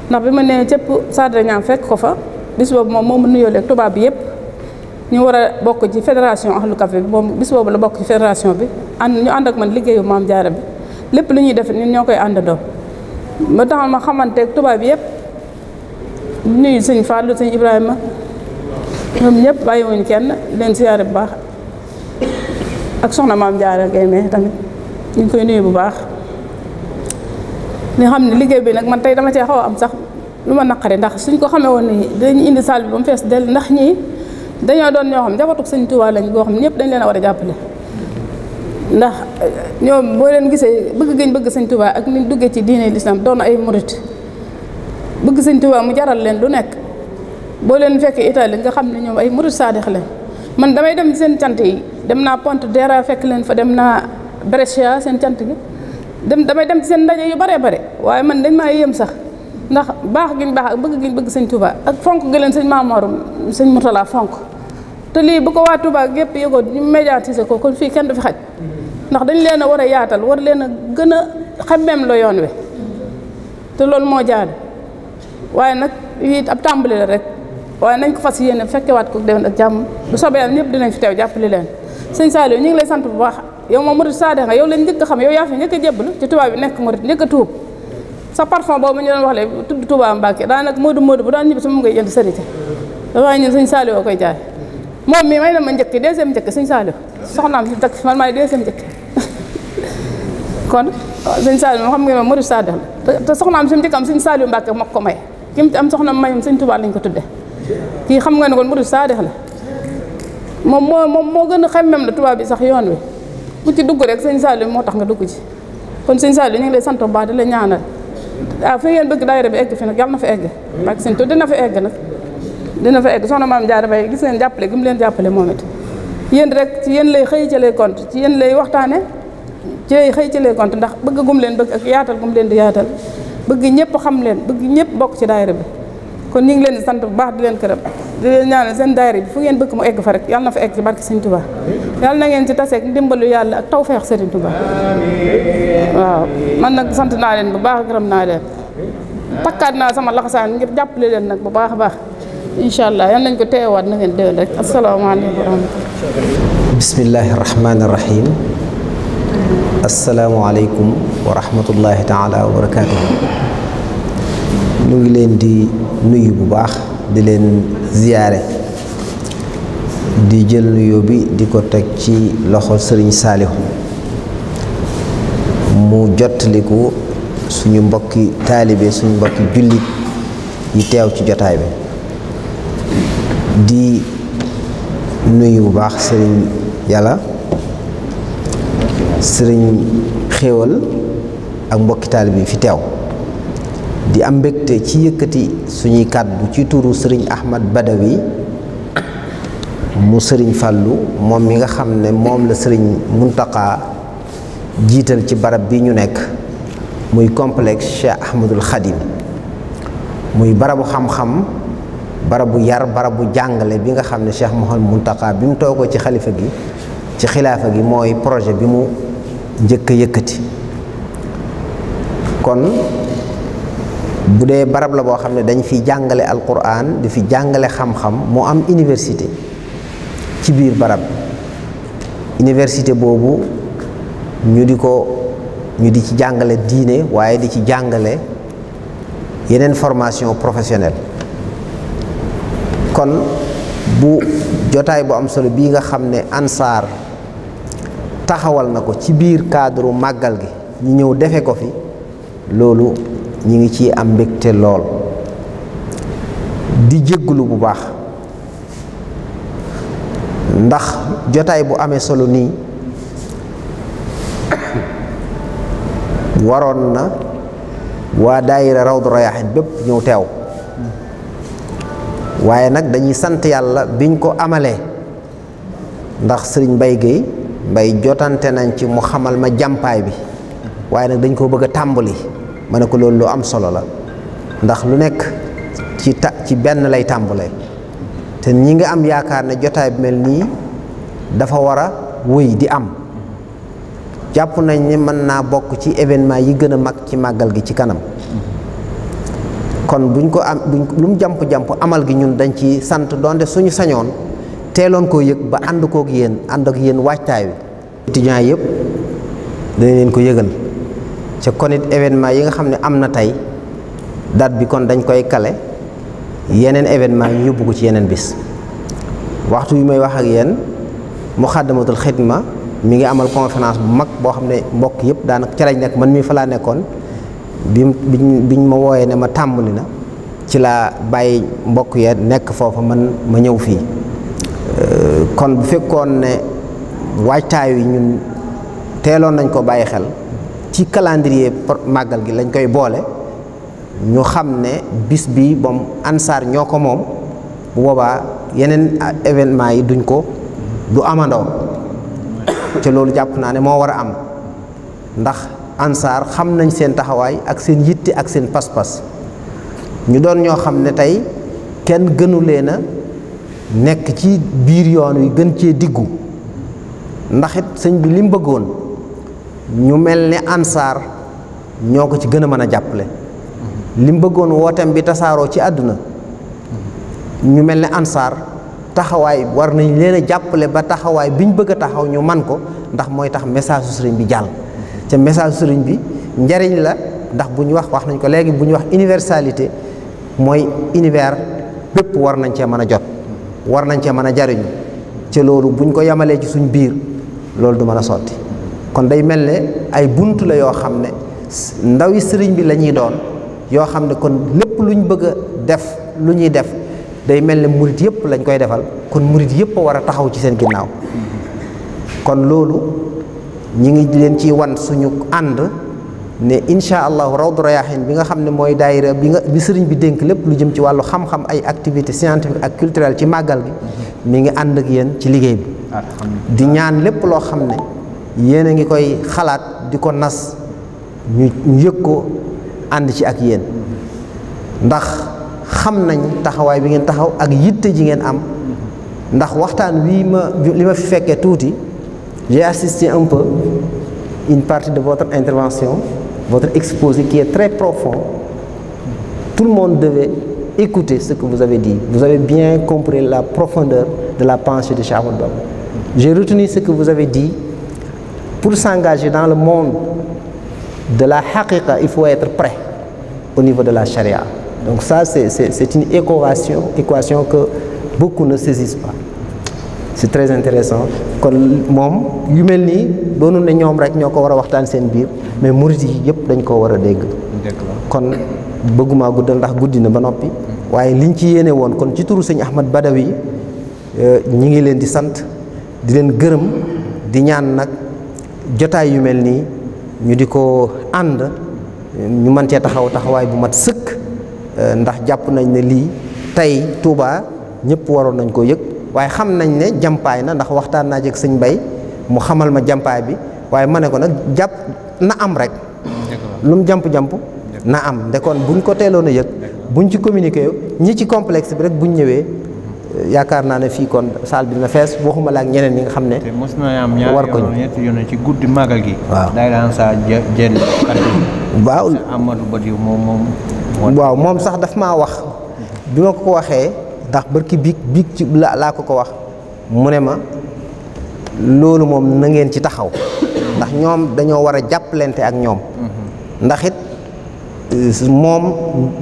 ndax bi ma nee cëpp Sadra ñaam fekk ko fa bis boobu moom moom nuyoo leeg tubaab bi yëpp ñu war a bokk ci fédération ahlu café bi moom bis boobu la bokk ci fédération bi ànd ñu ànd ak man liggéeyu maam Jaara bi lépp lu ñuy def ñun ñoo koy àndandoo ba tax ma xamanteeg tubaab bi yëpp nuyu sëñ Fallou sëñ Ibrahima ñoom ñëpp bàyyiwuñ kenn leen siyaare bu baax ak soxna maam Jaara Gaynde tamit ñu ngi koy nuyu bu baax li xam ne liggéey bi nag man tey dama cee xaw am sax lu ma naqari ndax suñ ko xamee woon nii dañu indi salle bi ba mu fees dell ndax ñii dañoo doon ñoo xam njabootu sëñ Tuubaa lañ boo xam ñëpp dañ leen a war jàppale ndax eh, ñoom boo leen gisee bëgg gëñ bëgg sëñ Tuubaa ak niñ duggee ci diine l'islam doon ay murit bëgg sëñ Tuubaa mu jaral leen lu nekk boo leen fekk Italie nga xam ne ñoom ay murid saadix leen man damay dem seen cant yi dem naa Pontedera fekk leen fa dem naa Brescia seen cant gi dem damay dem seen ndaje yu bare bare waaye man dañ maa yéem sax ndax baax giñ baax ak bëgg giñ bëgg sañ Touba ak fonk gi leen sëñ Maamoorum sëñ Murtala fonk te lii bu ko waa tubaa gépp yëgoon ñu médiatiser ko kon fii kenn du fi xaj ndax dañ leen a war a yaatal war leen a gën a xemmeem la yoon wi te loolu moo jaadu waaye nag lii ab tàmbali la rek waaye nañ ko fas yéene fekkewaat ko def ak jàmm bu soobee yàlla ñëpp dinañ fi teew jàppale leen sëñ Saliou ñu ngi lay sant bu baax yow moom murid saade nga yow lañ njëkk xam yow yaa fi njëkk a jébbalu ci tubaab bi nekk murid a tuub sa parfum wax léegi tudd Touba Mbacke daanaka moodu moodu bu daan ñibbi sama ngay jënd sërite waaye ñun sëñ Saliou koy jaay moom mi may na ma njëkk deuxième njëkk sëñ Saliou soxnaam si takk man maay kon sëñ Saliou moom xam nga moom murid saade la te soxnaam si mu njëkk am sëñ Saliou Mbacke ko may kim am soxna mayum sëñ Tuubaa lañ ko tudde kii xam nga ne kon murid saadix la moom moo moom moo gën a xemmem la tubaab bi sax yoon wi ku ci dugg rek sëñ Saliou moo tax nga dugg ci kon sëñ Saliou ñu ngi lay santoo bu baax di la ñaanal waaw ah, fi ngeen bëgg daayira bi egg fi nag yàlla na fa egg ak sëñ Tuubaa dina fa egg nag dina fa egg soxna maam Jaara Bay gis neen jàppale gi mu leen jàppale moom it yéen rek ci yéen lay xëy ci lay ci yéen lay waxtaane ci lay xëy ndax bëgg leen bëgg yaatal gum leen di yaatal bëgg ñëpp xam leen bëgg ñëpp bokk ci daayira bi kon ñu ngi leen di sant bu baax di leen këram di leen ñaanal seen daayira bi fu ngeen bëgg mu egg fa rek yàlla na fa egg ci barke Sëriñ Tuubaa yàlla na ngeen ci taseeg ndimbalu yàlla ak tawfeex Sëriñ Tuubaa waaw man nag sant naa leen bu baax gërëm naa leen takkaat naa sama laxasaan ngir jàppale leen nag bu baax a baax incha allah yal nañ ko teewaat na ngeen déwén rek asalaamaaleykum wa rahmatulah bismillahi rahmaani rahim asalaamualeykum wa rahmatullahi taala wa barakaatuhu ñu ngi leen di nuyu bu baax di leen ziyaare di jël nuyoo bi di ko teg ci loxo sëriñ saalihu mu jottaliku suñu mbokki taalibe suñu mbokki jullit yi teew ci jotaay bi di nuyu bu baax sëriñ yàlla sëriñ xéewal ak mbokki taalibe bi fi teew di am mbégte ci yëkkati suñuy kàddu ci turu sëriñ Ahmad Badawi mu sëriñ Fàllu moom mi nga xam ne moom la sëriñ Muntaqa jiital ci barab bi ñu nekk muy complex Cheikh Ahmadul Xadim muy barabu xam-xam barabu yar barabu jàngale bi nga xam ne Cheikh Mouhamed Muntaqa bi mu toogoo ci xalifa gi ci xilaafa gi mooy projet bi mu njëkk a yëkkati kon bu dee barab la boo xam ne dañ fi jàngale alquran di fi jàngale xam-xam mu am université ci biir barab université boobu ñu di ko ñu di ci jàngale diine waaye di ci jàngale yeneen formation professionnelle kon bu jotaay bu am solo bii nga xam ne ansaar taxawal na ko ci biir cadre màggal gi ñu ñëw defe ko fi loolu ñu ngi ci am mbégte lool di jégglu bu baax ndax jotaay bu amee solo nii waroon na waa daayira Rawdu Rayaahiin bépp ñëw teew waaye nag dañuy sant yàlla biñ ko amalee ndax sëriñ bay Géey mbay jotante nañ ci mu xamal ma jàmpaay bi waaye nag dañ koo bëgg a tàmbali ma ne ko loolu lu am solo la ndax lu nekk ci ta ci benn lay tàmbalee te ñi ngi am yaakaar ne jotaay bi mel nii dafa war a wëy di am jàpp nañ ne mën naa bokk ci événement yi gën a mag ci màggal gi ci kanam kon buñ ko am buñ lu mu jàmp jàmp amal gi ñun dañ ci sant doonte suñu sañoon teeloon koo yëg ba ànd kook yéen ànd ak yéen waajtaay wi étudiants yëpp dañ leen ko yëgal ca kon it événement yi nga xam ne am na tey date bi kon dañ koy kale yeneen événement ñu yóbbu ko ci yeneen bis waxtu yu may wax ak yéen muxaddamatul xidma mi ngi amal conférence bu mag boo xam ne mbokk yëpp daanaka ca lañ nekk man mii falaa nekkoon bi biñ ma wooyee ne ma tàmbali na ci laa bàyyi mbokk yee nekk foofa man ma ñëw fii kon bu fekkoon ne waajtaay wi ñun teeloon nañ ko bàyyi xel ci calendrier màggal gi lañ koy boole ñu xam ne bis bi moom ansaar ñoo ko moom bu boobaa yeneen événement yi duñ ko du amandoo ca loolu jàpp naa ne moo war a am ndax ansaar xam nañ seen taxawaay ak seen yitte ak seen pas-pas ñu doon ñoo xam ne tey kenn gënu leen a nekk ci biir yoon wi gën cee diggu ndax it sëñ bi lim bëggoon ñu mel ni ansaar ñoo ko ci gën a mën a jàppale lim bëggoon wooteem bi tasaaroo ci àdduna ñu mel ni ansaar taxawaay war nañ leen jàppale ba taxawaay biñ bëgg a taxaw ñu man ko ndax mooy tax message su sëriñ bi jàll te message su sëriñ bi njariñ la ndax bu ñu wax wax nañ ko léegi bu ñu wax universalité mooy univers bépp war nañ cee mën a jot war nañ cee mën a jariñ ci loolu buñ ko yemalee ci suñ biir loolu du mën a sotti kon day mel ne ay bunt la yoo xam ne ndawi sëriñ bi la ñuy doon yoo xam ne kon lépp luñ bëgg a def lu ñuy def day mel ne murit yëpp lañ koy defal kon murit yëpp war a taxaw ci seen ginnaaw kon loolu ñi ngi leen ci wan suñu ànd ne incha allahu rawdu rayahin bi nga xam ne mooy daayira bi nga bi sëriñ bi dénk lépp lu jëm ci wàllu xam-xam ay activité scientifique ak culturelle ci màggal gi mi ngi ànd ak yéen ci liggéey bi di ñaan lépp loo xam ne yéen a ngi koy xalaat di ko nas ñu ñu yëg ko ànd ci ak yéen ndax xam nañ taxawaay bi ngeen taxaw ak yitte ji ngeen am ndax waxtaan wii ma li ma fi fekkee tuuti j'ai assisté un peu une partie de votre intervention votre exposé qui est très profond, tout le monde devait écouter ce que vous avez dit. Vous avez bien compris la profondeur de la pensée de Charles Bab. J'ai retenu ce que vous avez dit. Pour s'engager dans le monde de la haqiqa, il faut être prêt au niveau de la charia. Donc ça, c'est une équation, équation que beaucoup ne saisissent pas. c'est très intéressant kon moom yu mel nii doonul ne ñoom rek ñoo ko war a waxtaan seen biir mais murit yi yëpp dañ koo war a dégg kon bëgguma guddal ndax guddi na ba noppi waaye liñ ci yéene woon kon ci turu sëñ Ahmad Badawi euh, ñi ngi leen di sant di leen gërëm di ñaan nag jotaay yu mel nii ñu di ko ànd ñu mën cee taxaw taxawaay bu mat sëkk euh, ndax jàpp nañ ne lii tey tuubaa ñëpp waroon nañ ko yëg waaye xam nañ ne jàmpaay na ndax waxtaan naa jeg sañ bay mu xamal ma jàmpaay bi waaye ma ne ko nag jàpp na am rek lu mu jàmp jamp na am ndekoon buñ ko teeloon a yëg buñ ci communiqué ñi ci complexe bi rek buñ ñëwee mhm. yaakaar naa ne fii kon saal bi na fees waxuma la ak ñeneen ñi nga xam ne. mos naa am ñaar yoon ñetti yoon ci guddi màggal gi. waaw day saa jë jënd waaw Amadou Badiou moom waaw moom sax daf maa wax mhm. bi ma ko ko waxee. ndax barki biig biig ci laa ko ko wax mu ne ma loolu moom na ngeen ci taxaw ndax ñoom dañoo war a jàppalante ak ñoom mhm. ndax it moom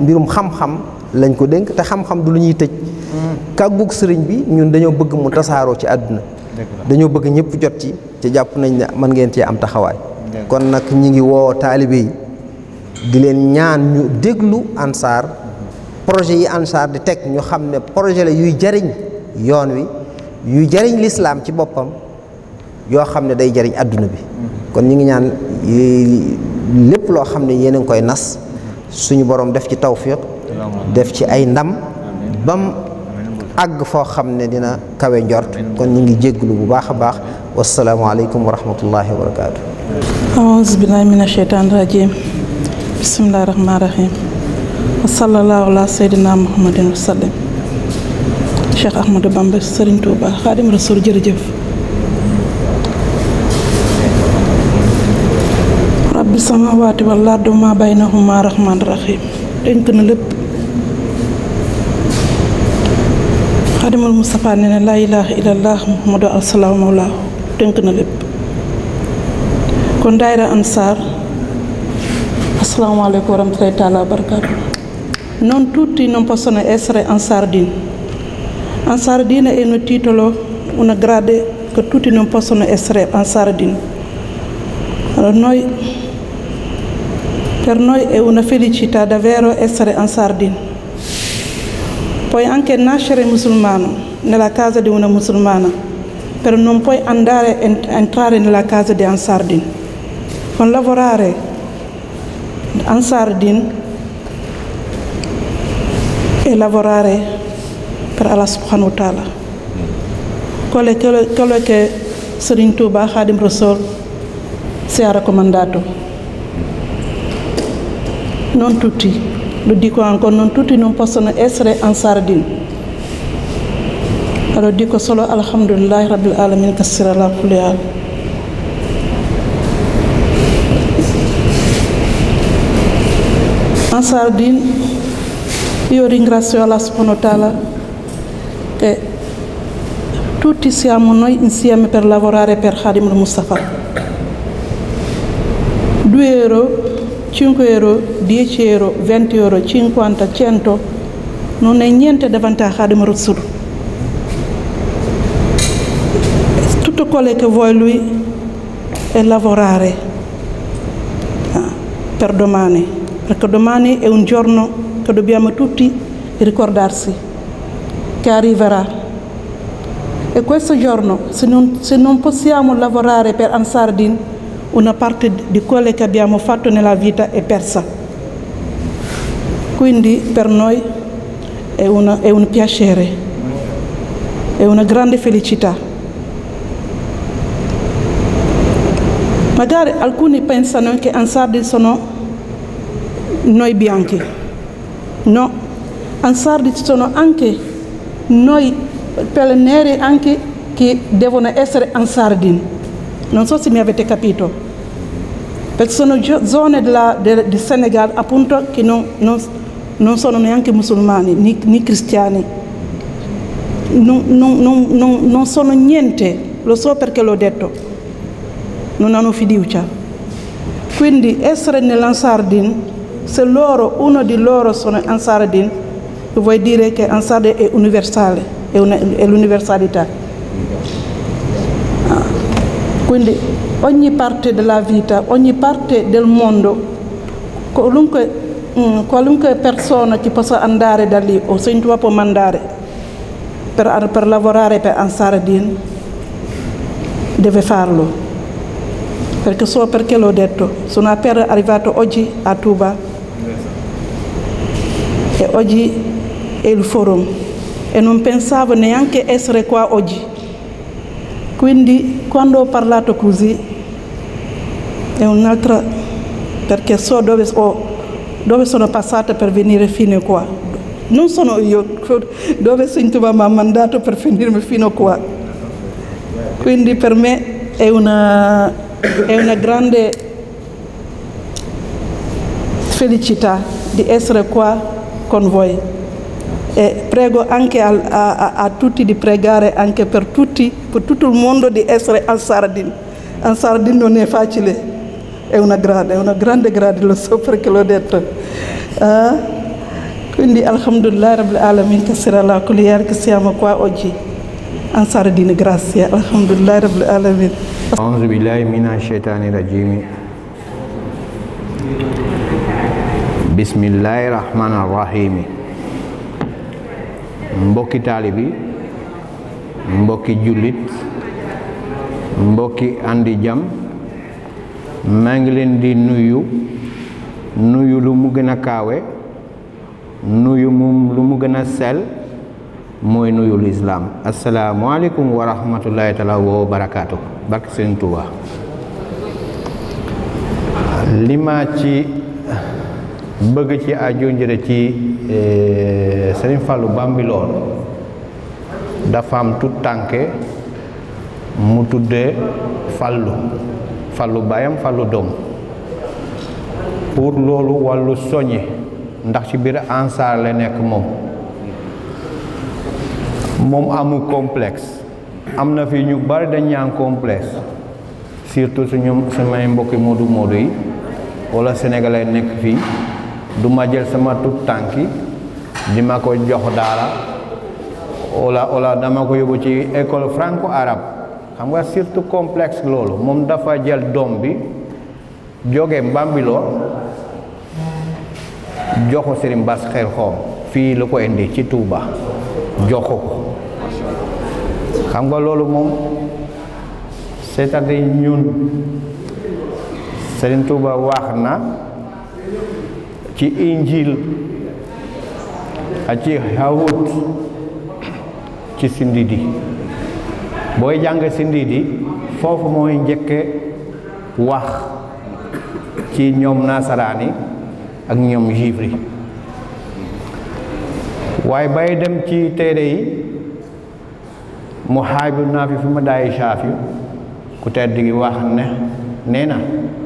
mbirum xam-xam lañ ko dénk te xam-xam du lu ñuy tëj mhm. kàggug sëriñ bi ñun dañoo bëgg mu tasaaroo ci àdduna dañoo bëgg ñëpp jot ci ci jàpp nañ ne mën ngeen cee am taxawaay kon nag ñi ngi woo taalibe yi di leen ñaan ñu déglu ansaar projet yi ansaar di teg ñu xam ne projet la yuy jariñ yoon wi yuy jariñ lislaam ci boppam yoo xam ne day jariñ àdduna bi kon ñu ngi ñaan lépp loo xam ne yéen a ngi koy nas suñu borom def ci tawfiq def ci ay ndam bam àgg foo xam ne dina kawe njort kon ñu ngi jégglu bu baax a baax wasalaamualeykum wa rahmatullahi wa barakaatu sallallahu ala sayyidina muhammadin wa sallam cheikh ahmadou bamba sëriñ tuuba xaadim rasul jërëjëf rabbi samawati wal ardi ma baynahuma rahman rahim dénk na lépp xaadimul mustapha nee na laa ilaha illallah muhammadu asalaw mawlaahu dénk na lépp kon daayira ansaar asalaamaaleykum wa rahmatulahi taala wa barakaatu non tutti non possono essere in Sardina. In Sardina è una grade che tutti non possono essere in Sardina. Allora noi, per noi è una felicità una musulmana, però non puoi andare entrare nella casa di Ansardin. Con lavorare Ansardin elaborare par Allah subhanahu wa taala cole cole che Serigne Touba Khadim Rasoul sia raccomandato non tutti lo dico ancora non tutti non possono essere ansardini allora dico solo alhamdulillahi rabbil alamin kassira la kulli al Io ringrazio Allah subhanahu wa ta'ala e tutti siamo noi insieme per lavorare per Khadim al-Mustafa. 2 euro, 5 euro, 10 euro, 20 euro, 50, 100 non è niente davanti a Khadim Rasul. Tutto quello che vuole lui è lavorare ah, per domani, perché domani è un appunto dobbiamo tutti ricordarsi che arriverà. E questo giorno, se non, se non per Ansar una parte di quello che abbiamo fatto nella vita è persa. Quindi per noi è, una, è un una grande felicità. Magari alcuni pensano che Ansar sono noi bianchi. no an sarɗitono anke noyi pelnere anke qui devono essere ansardini non so se mi avete capito perché sono zone della, del, del Senegal appunto che non, non, non ni neanche musulmani né, né non, non, non, non sono niente lo so perché l'ho detto non hanno fiducia quindi essere nell'ansardin Se loro uno di loro sono Ansaruddin, vuol dire che Ansar è universale, è l'universalità. Ah. Quindi ogni parte della vita, ogni parte del mondo, qualunque, mm, qualunque persona che possa andare da lì o se può mandare per, per lavorare per Ansaruddin deve farlo. Perché so perché l'ho detto, sono appena arrivato oggi a Tuba oji el forum enon pensava neanche essere qua oggi quindi quando ho parlato così è un'altra perché so dove, ho, dove sono passata per venire fino qua non sono io dove Sintuba mi ha mandato per finirmi fino qua quindi per me è una, è una grande felicità di essere qua convoy e prego anche al, a, tutti di pregare anche per tutti, per tutto il mondo di essere ansardini. Ansardini non è facile, è una grande, è una grande grade, lo so perché detto. Ah? Quindi alhamdulillah rabbil alamin che sarà la colliera che siamo qua oggi. Ansardini, grazie. Alhamdulillah rabbil alamin. أعوذ بالله من الشيطان الرجيم bismillaahi rahmaani rahiimi mbokki taalibi mbokki jullit mbokki andi jam maa ngi leen di nuyu nuyu lu mu gën a kaawe nuyu moom lu mu gën a sel mooy nuyu lislaam asalaamualeykum wa rahmatullahi taala wa barakaatu barke seen Tuuba li ma ci bëgg ci aju njëre ci eh, Serigne Fallou Bambilor dafa am tut tànke mu tuddee Fallou Fallou baayam Fallou doom pour loolu wàllu soñe ndax ci biir ansaar nekk moom moom amul complexe am na fi ñu bari dañ ñaan complexe surtout suñu samay mbokki moodu moodu yi wala sénégalais nekk fii du ma jël sama tut tànki di ma ko jox daara wala wala dama ko yóbbu ci école franco arabe xam nga surtout complex loolu moom dafa jël doom bi jóge Mbambilor joxo Serigne Bass xel fii lu ko indi ci Touba joxo ko xam nga loolu moom c'est-à-dire ñun Serigne Touba wax na ci injil ak ci hawut ci sindidi booy jàng sindidi foofu mooy njëkke wax ci ñoom nasaraani ak ñoom juif waaye bay dem ci téere yi mu xaaju naa fi fi ma daay saaf ku tedd gi wax ne nee na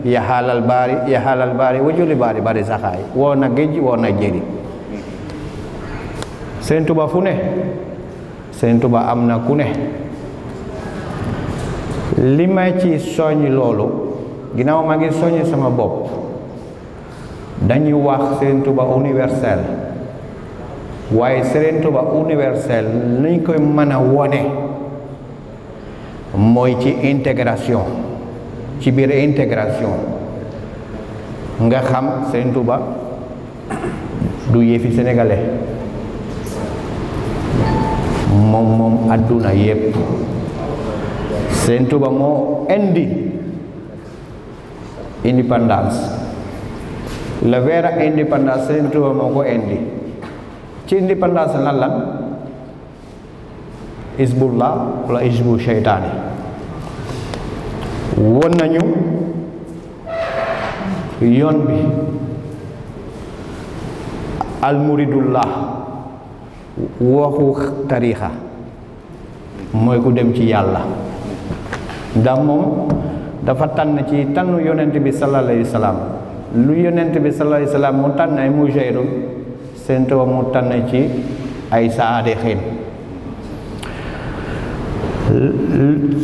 ya xaalal baari ya xaalal baari wajuli baari bari saxaay woo na géej woo na jéeri seen tuba fu ne seen tuba am na ku ne li may ci soññ loolu ginnaaw ma ngi soññ sama bopp dañuy wax seen tuba universel waaye seen tuba universel nañ koy mën a wone mooy ci intégration ci biir intégration nga xam Sëriñ Tuuba du yëfi sénégalais moom moom àdduna yépp Sëriñ Tuuba moo indi indépendance la vera indépendance Sëriñ Tuuba moo ko indi ci indépendance lan lan isbullah wala isbu sheytaani won nañu yoon bi almuridullah waxu tarixa mooy ku dem ci yàlla ndax moom dafa tànn ci tànn yonent bi sallallahu alayhi wa sallam lu yonent bi sallallahu alayhi wa sallam mu tànn ay mujahidun seen tawa mu tànn ci ay saadixiin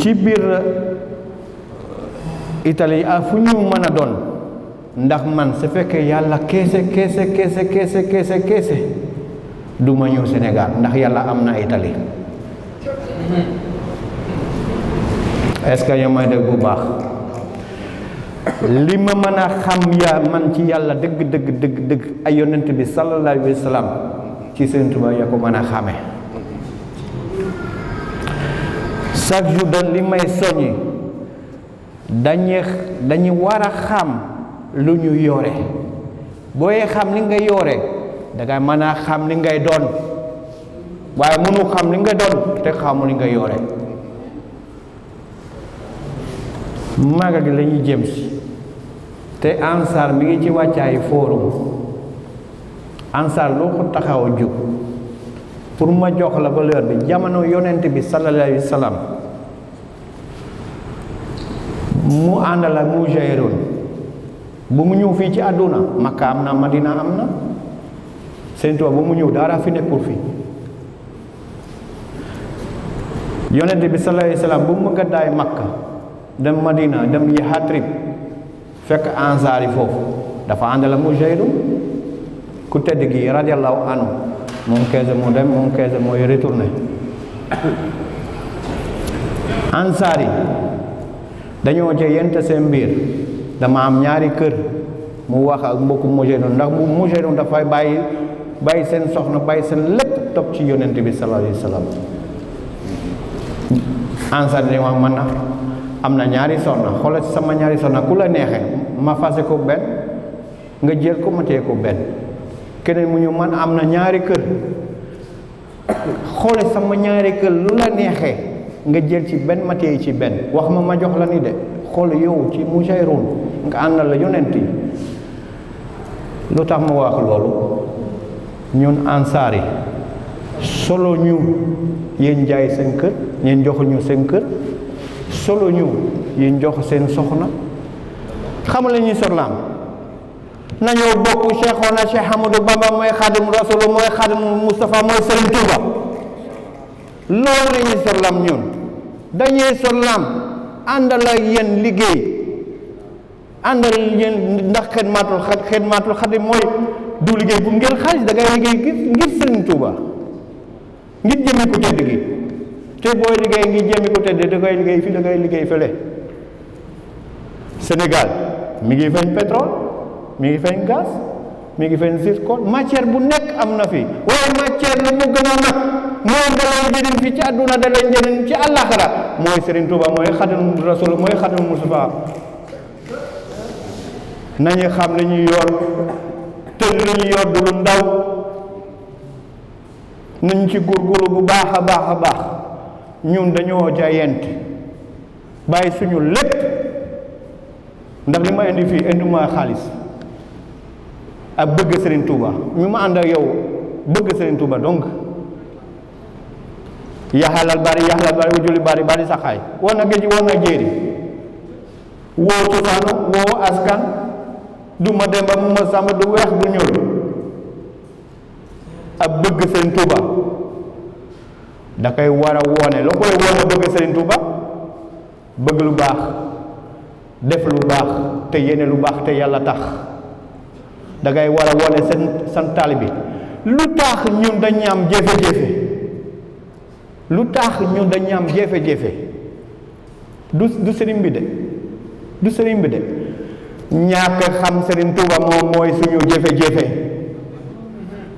ci biir itali ah fu ñu mën a doon ndax man su fekkee yàlla keese keese keese keese keese keese du ma ñëw Sénégal ndax yàlla am na itali est-ce que yow may dégg bu baax li ma mën a xam yaa man ci yàlla dëgg dëgg dëgg dëgg ay yonent bi sallallahu alayhi wa sallam ci Sëñ Tuubaa yaa ko mën a xàmme chaque jour li may soññi dañu dañu war a xam lu ñu yore booy xam li nga yoore dangay mën a xam li ngay doon waaye mënu xam li nga doon te xamu li nga yoore magal gi lañuy ñuy jëm te ansaar mi ngi ci wàccaay forum ansaar loo ko taxaw a jóg pour ma jox la valeur bi jamono yonent bi sallallahu salaam mu àndal ak mu jaayiroon bu mu ñëw fii ci àdduna makka am na madina am na seen tubaab bu mu ñëw dara fi nekkul fi yonent bi sallallahu alayhi wasallam bu gàddaay makka dem madina dem yi xatrib fekk ansaari foofu dafa àndal ak mu jaayiroon ku tedd gi radiyallahu anhu moom keese moo dem moom keese mooy retourné ansaari dañoo jeyante seen biir dama am ñaari kër mu wax ak mbokku mujénoon ndax mu mujénoon dafay bàyyi bàyyi seen soxna bàyyi seen lépp topp ci yonent bi sallallahu alayhi wa man na am na ñaari soxna xoolal ci sama ñaari soxna ku la neexee ma fase ko benn nga jël ko ma ko benn keneen mu ñu man am na ñaari kër xoolal sama ñaari kër lu la neexee nga jël ci benn yi ci benn wax ma ma jox la ni de xool yow ci mujayrun nga àndal la yonent yi lu tax mu wax loolu ñun ansaar solo ñu yéen jaay seen kër yéen jox ñu seen kër solo ñu yéen jox seen soxna xamu la ñuy soxlaam nañoo bokk Cheikhouna Cheikh Amadou Bamba mooy xadim rasul mooy xadim Moustapha mooy Serigne Touba loolu la ñuy ñun dañee so lam àndal ak yéen liggéey àndal yéen ndax xidmaatul xa xidmaatul xadim mooy du liggéey bu ngeen xaalis da ngay liggéey ngir sëriñ Tuuba ngir jëmmi ko tedd gi te booy liggéey ngir jëmmi ko tedd da ngay liggéey fii da ngay liggéey fële Sénégal mi ngi feeñ pétrole mi ngi feeñ gaz mi ngi feeñ zircon matière bu nekk am na fi waaye matière la mu gën a nag moom da lay jëriñ fii ci àdduna da lay ci àllaaxira mooy Serigne Touba mooy xadim rasul mooy xadim Mustafa nañu xam li ñuy yor te li ñuy yor du lu ndaw nañ ci góorgóorlu bu baax a baax a baax ñun dañoo jaayant bàyyi suñu lépp ndax li ma indi fii indi ma xaalis ak bëgg Serigne Touba mi ma ànd ak yow bëgg Serigne Touba dong yahalal bari yahalal bari ujuli bari bari saxaay wona geji wona jeeri woo cosaanu woo askan du dem demba mu ma sàmm du weex du ñuul bëgg sëriñ Tuuba da a woone loo koy woone bëgg sëriñ Tuuba bëgg lu baax def lu baax te yeneen lu baax te yàlla tax dangay ngay war a woone seen seen bi lu tax ñun dañu am jafe-jafe lu taax ñun dañu am jafe-jafe du du sëriñ bi de du sëriñ bi de ñàkk xam sëriñ Tuuba moom mooy suñu jafe-jafe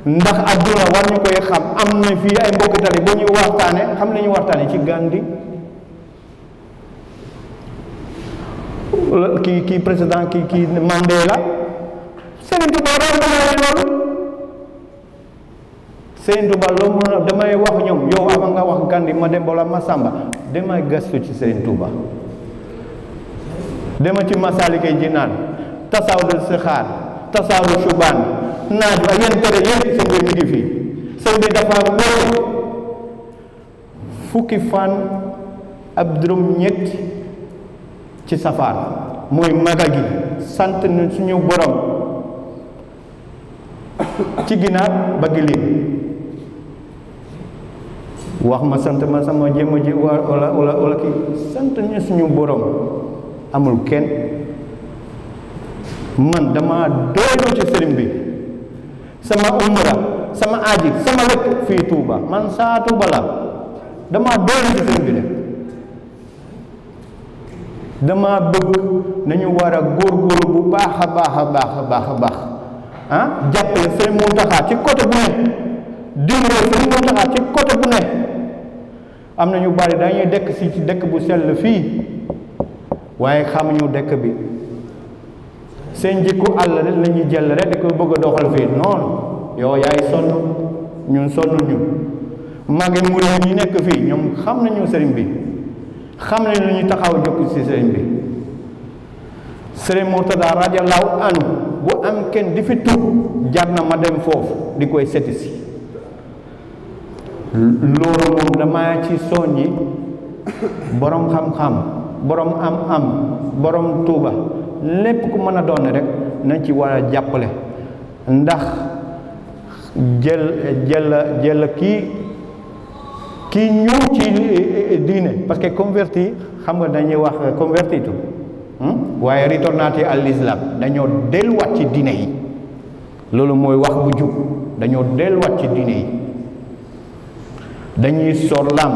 ndax adduna war ñu koy xam am na fii ay mbokk tali ba ñuy waxtaane xam nañu waxtaane ci Gandhi ki kii président ki kii Mandela sëriñ Tuuba loolu Sëriñ Tuuba loo mën a damay wax ñoom yow ama nga wax Gandhi ma dem wala Masamba damay gëstu ci Sëriñ Tuuba dama ci Masaalikul Jinaan tasawdu sixaar tasawdu subaan naaj wa yéen tere yéen sëñ bi mi ngi fii sëñ bi dafa wér fukki fan ab juróom ñett ci safar mooy magal gi sant na suñu borom ci ginaar ba gilim wax ma sant ma sama jëmm ji wala wala wala kii sant ñu suñu borom amul kenn man dama doylu ci sëriñ bi sama umra sama aji sama lekk fii Touba man saa Touba la dama doylu ci sëriñ bi de dama bëgg nañu war a góor góorgóorlu bu baax a baax a baax a baax a baax ah jàppale sëriñ Mountakha ci côté bu ne dimbale sëriñ Mountakha ci côté bu ne am na ñu bari dañuy dëkk si ci dëkk bu sell fii waaye xamuñu dëkk bi seen jikko àll rek la jël rek di ko bëgg a doxal fii noonu yow yaay sonn ñun sonn ñu magi murid yi nekk fii ñoom xam nañu sëriñ bi xam nañ lu taxaw jokk si sëriñ bi sëriñ Murtada radiyallahu anhu bu am kenn di fi tuub jar na ma dem foofu di koy seti si loolu moom damaa ci soññi borom xam-xam boroom am-am borom tuuba lépp ku mën a doon rek nañ ci war a jàppale ndax jël jël jël kii kii ñëw ci diine parce que converti xam nga dañuy wax convertitu hmm? waaye ritornati al islam dañoo delluwaat ci diine yi loolu mooy wax bu jub dañoo delluwaat ci diine yi dañuy sor lam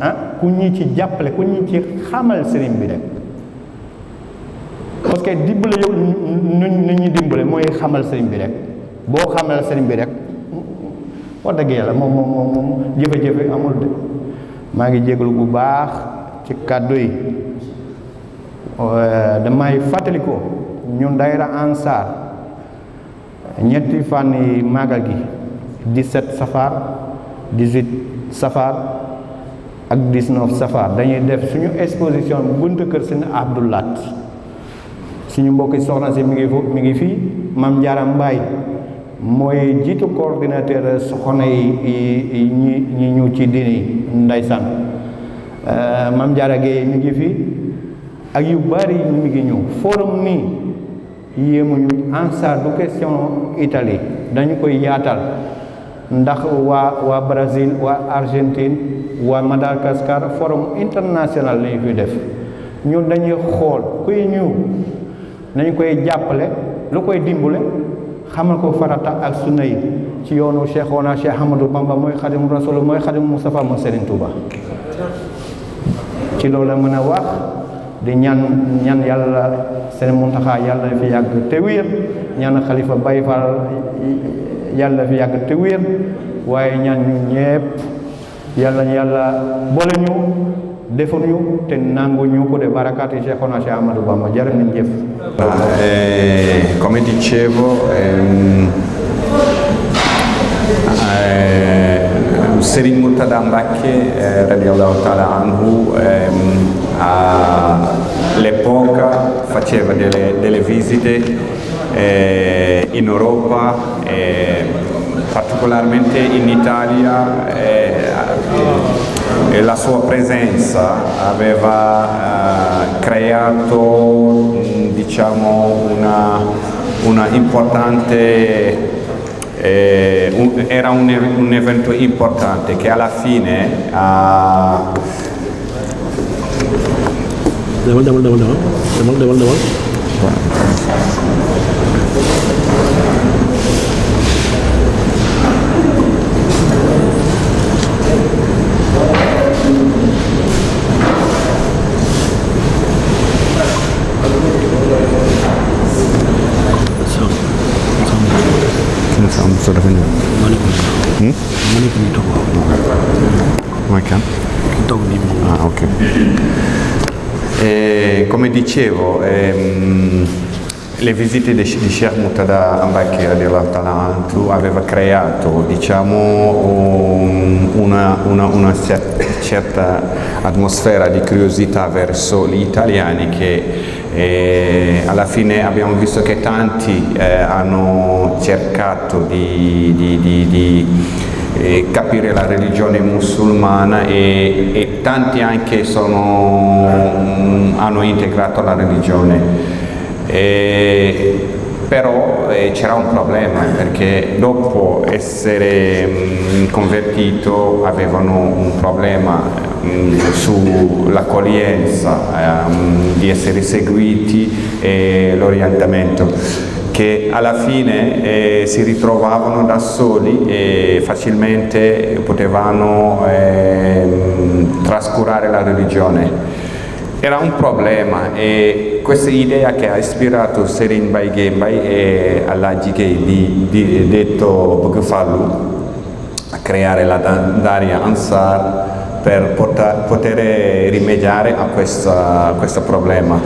ah ku ñu ci jàppale ku ñu ci xamal sëriñ bi rek parce que dimbale yow nu nu ñuy dimbale mooy xamal sëriñ bi rek boo xamal sëriñ bi rek wax dëgg yàlla moom moom moom moom jafe-jafe amul de maa ngi jégalu bu baax ci kàddu yi euh, damay fàttalikoo ñun daayira ansaar ñetti fan yi màggal gi set safar 18 safar ak 19 safar dañuy def suñu exposition buntu kër Sëñ Abdou Lahat suñu mbokki soxna si mi ngi mi ngi fii Mame Diarra mooy jiitu coordinateur soxna yi ñi ñu ci diine yi ndeysaan euh, Mame Diarra Gueye mi ngi fi ak yu bari mi ngi ñëw forum nii yéemuñu en ça du question Italie dañu koy yaatal ndax waa waa Brésil waa Argentine waa Madagascar forum international lañu fi def ñun dañuy xool kuy ñëw nañ koy jàppale lu koy dimbale xamal ko farata ak sunna yi ci yoonu Cheikhouna Cheikh Ahmadou Bamba mooy xadimu rasul mooy xadimu Mustafa mooy Serigne Touba ci loolu la mën a wax di ñan ñaan yàlla seen muntaxaa yàlla fi yàgg te wér ñaan xalifa Baye Fall yàlla fi yàgg te wér waaye ñaan ñu ñépp yàlla yàlla boole ñu deful ñu te nangu ñu ko de barakati Cheikhona Cheikh Ahmadou Bamba jërë ngeen jëf eh, come dicevo ehm, eh, Serigne Murtada eh, radiallahu taala anhu ehm, all'epoca faceva delle, delle visite Eh, in eh, particolarmente in Italia eh, la sua presenza aveva creato diciamo una, importante era un, e, un, evento importante che alla fine ha eh, so dafa ñëw. ma nekk hmm? nii toog mooy kan. toog nii moom. ah ok. Eh, come dicevo ehm, le visite di, di Sheikh Muttada Ambaki aveva creato diciamo, um, una, una, una, certa atmosfera di curiosità verso gli italiani che eh, alla fine abbiamo visto che tanti eh, hanno cercato di, eh, capire la religione musulmana e, e tanti anche mm, hanno integrato la religione E, però eh, c'era un problema perché dopo essere mm, convertito avevano un problema mm, sull'accoglienza, ehm, di essere seguiti e l'orientamento che alla fine eh, si ritrovavano da soli e facilmente potevano ehm, trascurare la religione. era un problema e questa idea che ha ispirato Serin Bai Genbai e all'Agi di, di, detto poco fa lui, a creare la Daria Ansar per poter, rimediare a, questo problema.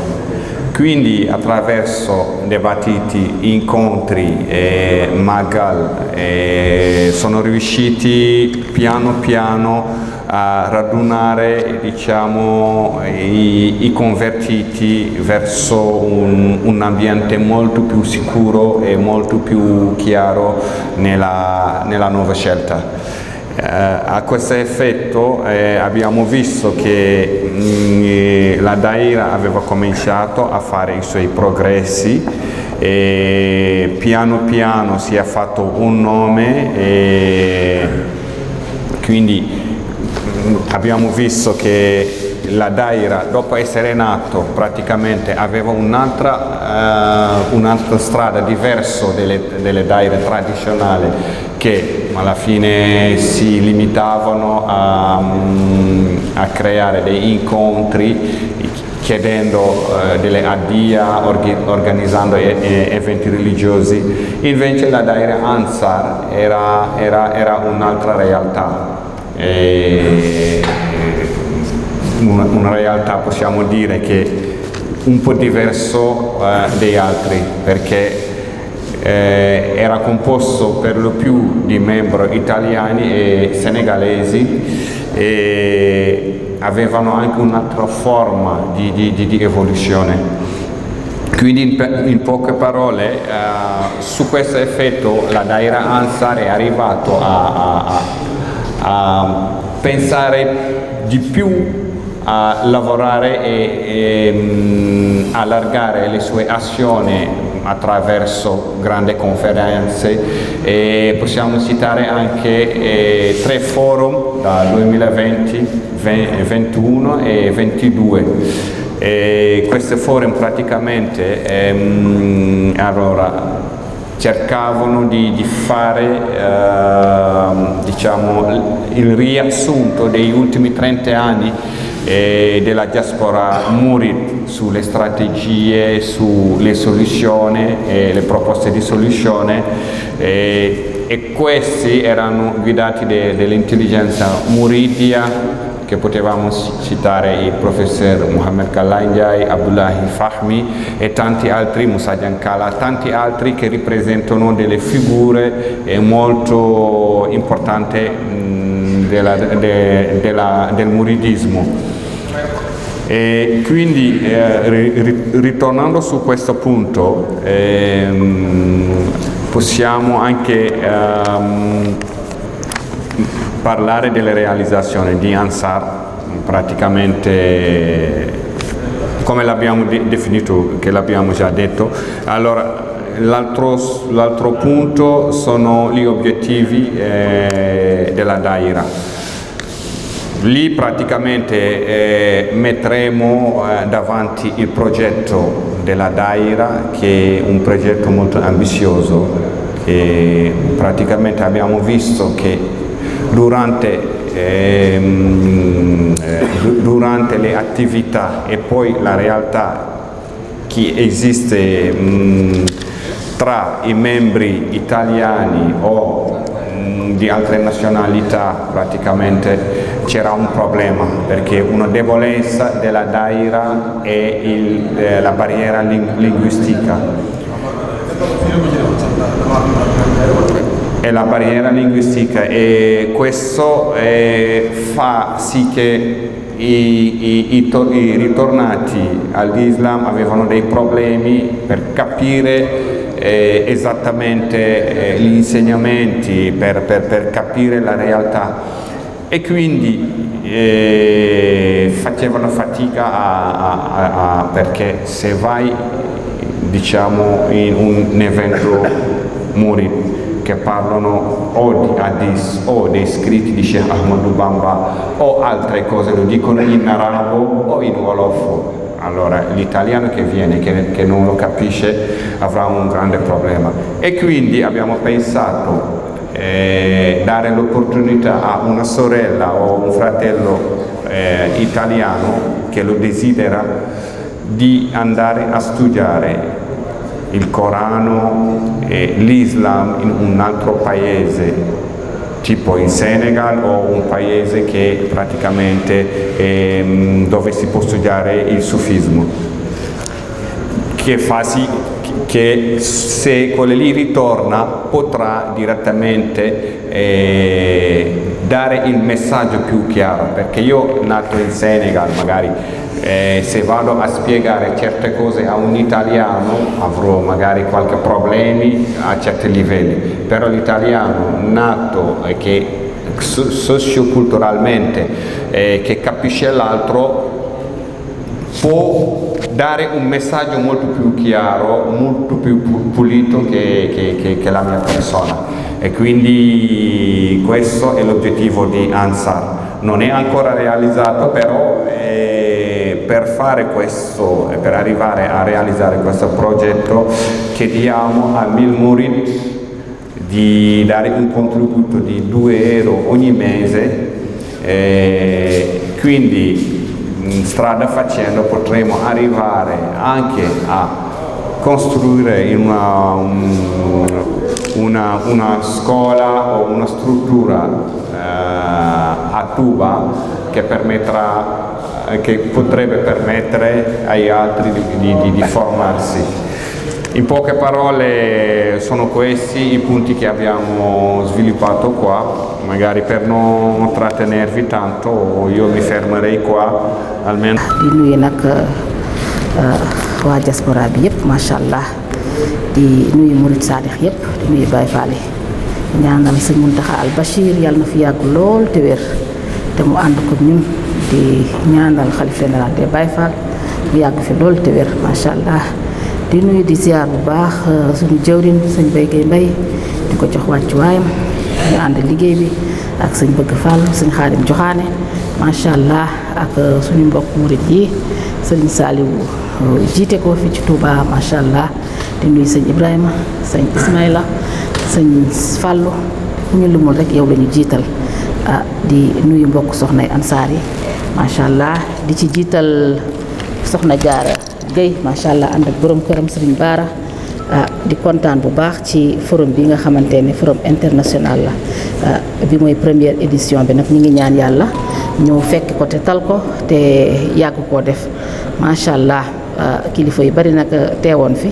Quindi attraverso dibattiti, incontri e magal e sono riusciti piano piano a radunare diciamo, i, i, convertiti verso un, un, ambiente molto più sicuro e molto più chiaro nella, nuova scelta. Eh, a questo effetto eh, abbiamo visto che mm, eh, la Daira aveva cominciato a fare i suoi progressi e piano piano si fatto un nome e quindi abbiamo visto che la Daira dopo essere nato praticamente aveva un'altra, uh, un'altra strada diversa delle, delle Daire che alla fine si limitavano a, mm, creare dei incontri chiedendo eh, delle addia, organizzando e, e eventi religiosi, invece la Ansar era un'altra realtà e eh, una realtà possiamo dire che un po' diverso eh, altri perché eh, era composto per lo più di membri italiani e senegalesi e avevano anche un'altra forma di, di, Quindi in, poche parole eh, su questo effetto la Daira Ansar è arrivato a a ehm, pensare di più a lavorare e, e mh, mm, allargare le sue azioni attraverso grandi conferenze e possiamo citare anche e, tre forum dal e 22. E forum praticamente ehm, allora, cercavano di, di fare eh, diciamo, il riassunto degli ultimi 30 anni eh, della diaspora Murid sulle strategie, sulle soluzioni e le proposte di soluzione eh, e questi erano guidati dall'intelligenza muridia che potevamo citare il professor Mohamed Kalanjai, Abdullahi Fahmi e tanti altri, Musa Giancala, tanti altri che ripresentano delle figure eh, molto importanti mm, della, de, del muridismo. E quindi eh, ritornando su questo punto ehm, possiamo ehm, parlare la realizzazioni di Ansar, praticamente come l'abbiamo de definito, che l'abbiamo già detto. Allora, l'altro punto sono gli obiettivi eh, della Daira. Lì praticamente eh, metteremo eh, davanti il progetto Daira che è un progetto molto ambizioso che praticamente abbiamo visto che durante, ehm, eh, durante le attività e poi la realtà che esiste mm, tra i membri italiani o mh, mm, di altre nazionalità un problema perché una debolezza della Daira è e eh, la barriera ling è la barriera linguistica e questo eh, fa sì che i, ritornati all'Islam avevano dei problemi per capire eh, esattamente eh, gli insegnamenti, per, capire la realtà e quindi eh, facevano fatica perché se vai diciamo in un evento morire che parlano o di Hadith o dei scritti di Sheikh Ahmadou Bamba o altre cose, lo dicono in arabo o in wolofo. Allora l'italiano che viene, che, non lo capisce, avrà un grande problema. E quindi abbiamo pensato eh, dare l'opportunità a una sorella o un fratello eh, italiano che lo desidera di andare a studiare il Corano e l'Islam in un altro paese tipo in Senegal o un paese che praticamente ehm, dove si può studiare il sufismo che fa sì che se quello lì ritorna potrà direttamente eh, dare il messaggio più chiaro perché io nato in Senegal magari eh, se vado a spiegare certe cose a un italiano avrò magari qualche problemi a certi livelli, però l'italiano nato e che socioculturalmente eh, che capisce l'altro può dare un messaggio molto più chiaro, molto più pulito che, la mia persona e quindi questo è l'obiettivo di ANSAR. Non è ancora realizzato per fare questo e per arrivare a realizzare di dare un contributo di 2 euro ogni mese eh, quindi mm, strada facendo potremo arrivare anche a costruire una, una, o una struttura eh, a tuba che permetterà che potrebbe permettere agli altri di, di, formarsi. In poche parole sono questi i punti che abbiamo sviluppato qua, magari per non trattenervi tanto io mi fermerei qua almeno. di nuyu nag waa diaspora bi yëpp macha allah di nuyu murit saalix yëpp di nuyu Baay Faal ñaanal sëñ Muntaxa al Bachir yàlla na fi yàgg lool te wér te mu ànd ko ñun. di ñaanal xalif général des Baye Fall mu yàgg fi loolu te wér macha allah di nuyu di bu baax euh, suñu jëwriñ sëñ Baye Gueye Mbaye di ko jox wàccuwaayam ñu ànd liggéey bi ak sëñ Bëgg Fall sëñ Xaadim Joxaane macha allah ak euh, suñu mbokk murit yi sëñ Saliou euh, jiite ko fi ci Touba macha allah di nuyu sëñ Ibrahima sëñ Ismaïla sëñ Fallou ñu lumul rek yow lañuy jiital ah di nuyu mbokk soxnay ansaar yi. macha allah di ci jiital soxna jaara Guèye macha allah ànd ak borom këram sëriñ Baara ah di kontaan bu baax ci forum bi nga xamante ne forum international la ah, bi mooy première édition bi nag ñu ngi ñaan yàlla ñu fekk ko te tal ko te yàgg koo def macha allah ah, kilifa yu bari nag ah, teewoon fi.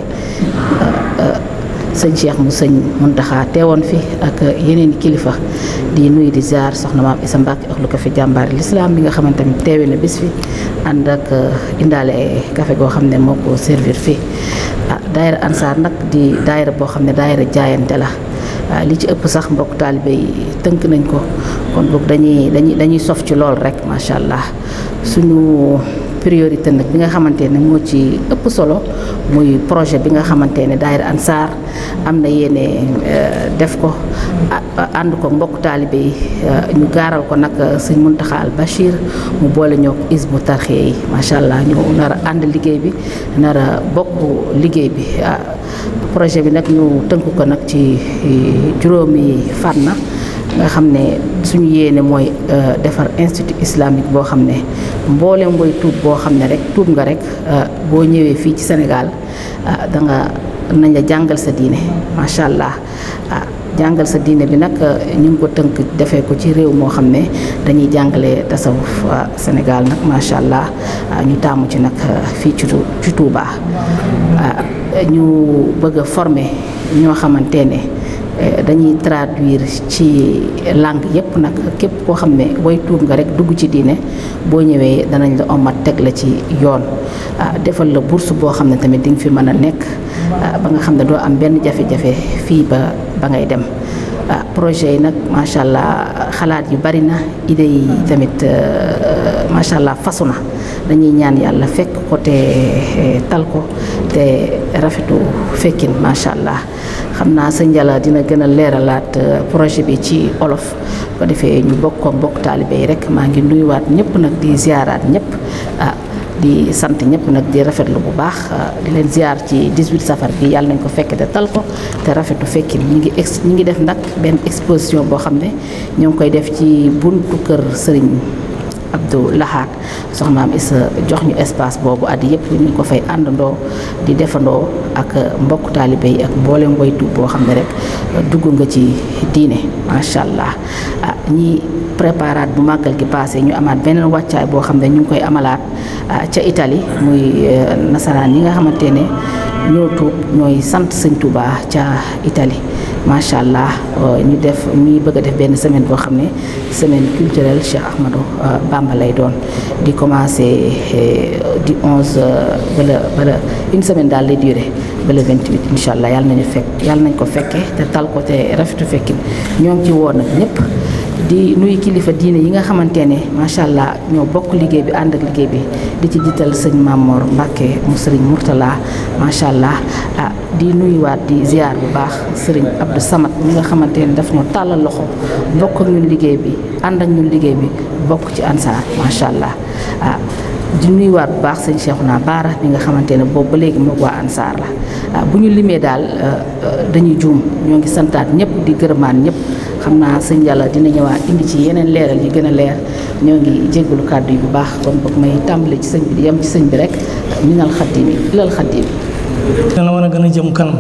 sëñ Cheikh mu sëñ Muntaxa teewoon fi ak yeneen kilifa di nuyu di ziar soxna maam Isa Mbàkke ak lu ko fi jàmbaari lislaam bi nga xamante ni teewee na bis fi ànd ak uh, indaale kafe goo xam ne moo ko servir fii ah daayira ansaar nag di daayira boo xam ne daayira jaayante la ah, li ci ëpp sax mbokk taalibe yi tënk nañ ko kon boog dañuy dañuy sof ci lool rek macha allah suñu priorité nag bi nga xamante ne moo ci ëpp solo muy projet bi nga xamante ne daayira Ansaar am na yéene euh, def ko ànd ko mbokk taalibe yi euh, ñu gaaral ko nag euh, sëñ Muntaxa al Bachir mu boole ñoo isbu tarxiya yi macha allah ñu nar a ànd liggéey bi nar bokk liggéey bi ah, projet bi nag ñu tënk ko nag ci juróomi fànn nga xam ne suñu ne mooy euh, defar institut islamique boo xam ne mboole booy tuub boo xam ne rek tuub nga rek euh, boo ñëwee fii ci Sénégal euh, da nga nañ la jàngal sa diine macha allah ah, jàngal sa diine bi nag ñu ngi ko tënk defee ko ci réew moo xam ne dañuy jàngale tasawuf Sénégal nag macha allah ah, ñu taamu ci nag fii ci ci Touba ah, ñu bëgg a former ñoo xamante ne. Eh, dañuy traduire ci langue yépp nag képp koo xam ne way tuub nga rek dugg ci diine boo ñëwee danañ la omat teg la ci yoon ah, defal la bourse boo xam ne tamit di nga fi mën a nekk ah, ba nga xam ne doo am benn jafe-jafe fii ba ba ngay dem ah, projet yi nag macha allah xalaat yu bari na idée yi tamit euh, macha allah fasu na dañuy ñaan yàlla fekk ko te eh, tal ko te rafetu fekkin macha allah xam naa sëñ Jalla dina gën a leeralaat eh, projet bi ci olof ko defee ñu bokk ko bokk taalibe yi rek maa ngi nuyuwaat ñëpp nag di ziaraat ñëpp ah di sant ñëpp nag di rafetlu bu baax ah, di leen ziar ci 18 safar bi yàlla nañ ko fekk te tal ko te rafetu fekkin ñi ngi ex ñi ngi def nag benn exposition boo xam ne ñoo ngi koy def ci buntu kër sëriñ Abdou Lahad soxnaam Issa jox ñu espace boobu at yëpp ñu ko fay àndandoo di defandoo ak mbokk taalibe yi ak mboolem waytu boo xam ne rek dugg nga ci diine macha allah. ñi préparaat bu màggal gi passé ñu amaat beneen wàccaay boo xam ne ñu ngi koy amalaat ah, ca Italie muy eh, nasaraan yi nga xamante ne ñoo tuub ñooy sant sëñ Touba ca Italie macha allah eh, ñu def ñuy bëgg a def benn semaine boo xam ne semaine culturelle Cheikh Ahmadou eh, Bamba lay doon di commencé di 11 bala bala une semaine daal lay duré bala 28 incha allah yàlla nañu fekk yàlla nañ ko fekkee te tal ko rafetu fekkin ñoo ngi ci woon nag ñëpp. di nuyu kilifa diine yi nga xamante ne macha allah ñoo bokk liggéey bi ànd ak liggéey bi di ci jiital sëñ Mamor Mbacke mu sëriñ Mourtala macha allah ah di nuyuwaat di ziar bu baax sëriñ Abdou Samad mi nga xamante ne daf ñoo tàllal loxo bokk ñun liggéey bi ànd ak ñun liggéey bi bokk ci ansaar macha allah ah. di nuyuwaat bu baax sëñ naa Baara bi nga xamante ne boobu ba léegi moom waa ansaar la ah, bu ñu limee daal euh, euh, dañuy juum ñoo ngi santaat ñëpp di gërëmaan ñëpp. xam naa sëñ Yàlla dina ñëwaat indi ci yeneen leeral yi gën a leer ñoo ngi jégalu kàddu yi bu baax kon boog may tàmbale ci sëñ bi yem ci sëñ bi rek minal xaddim bi ilal xaddim bi dana mën a gën a jëm kanam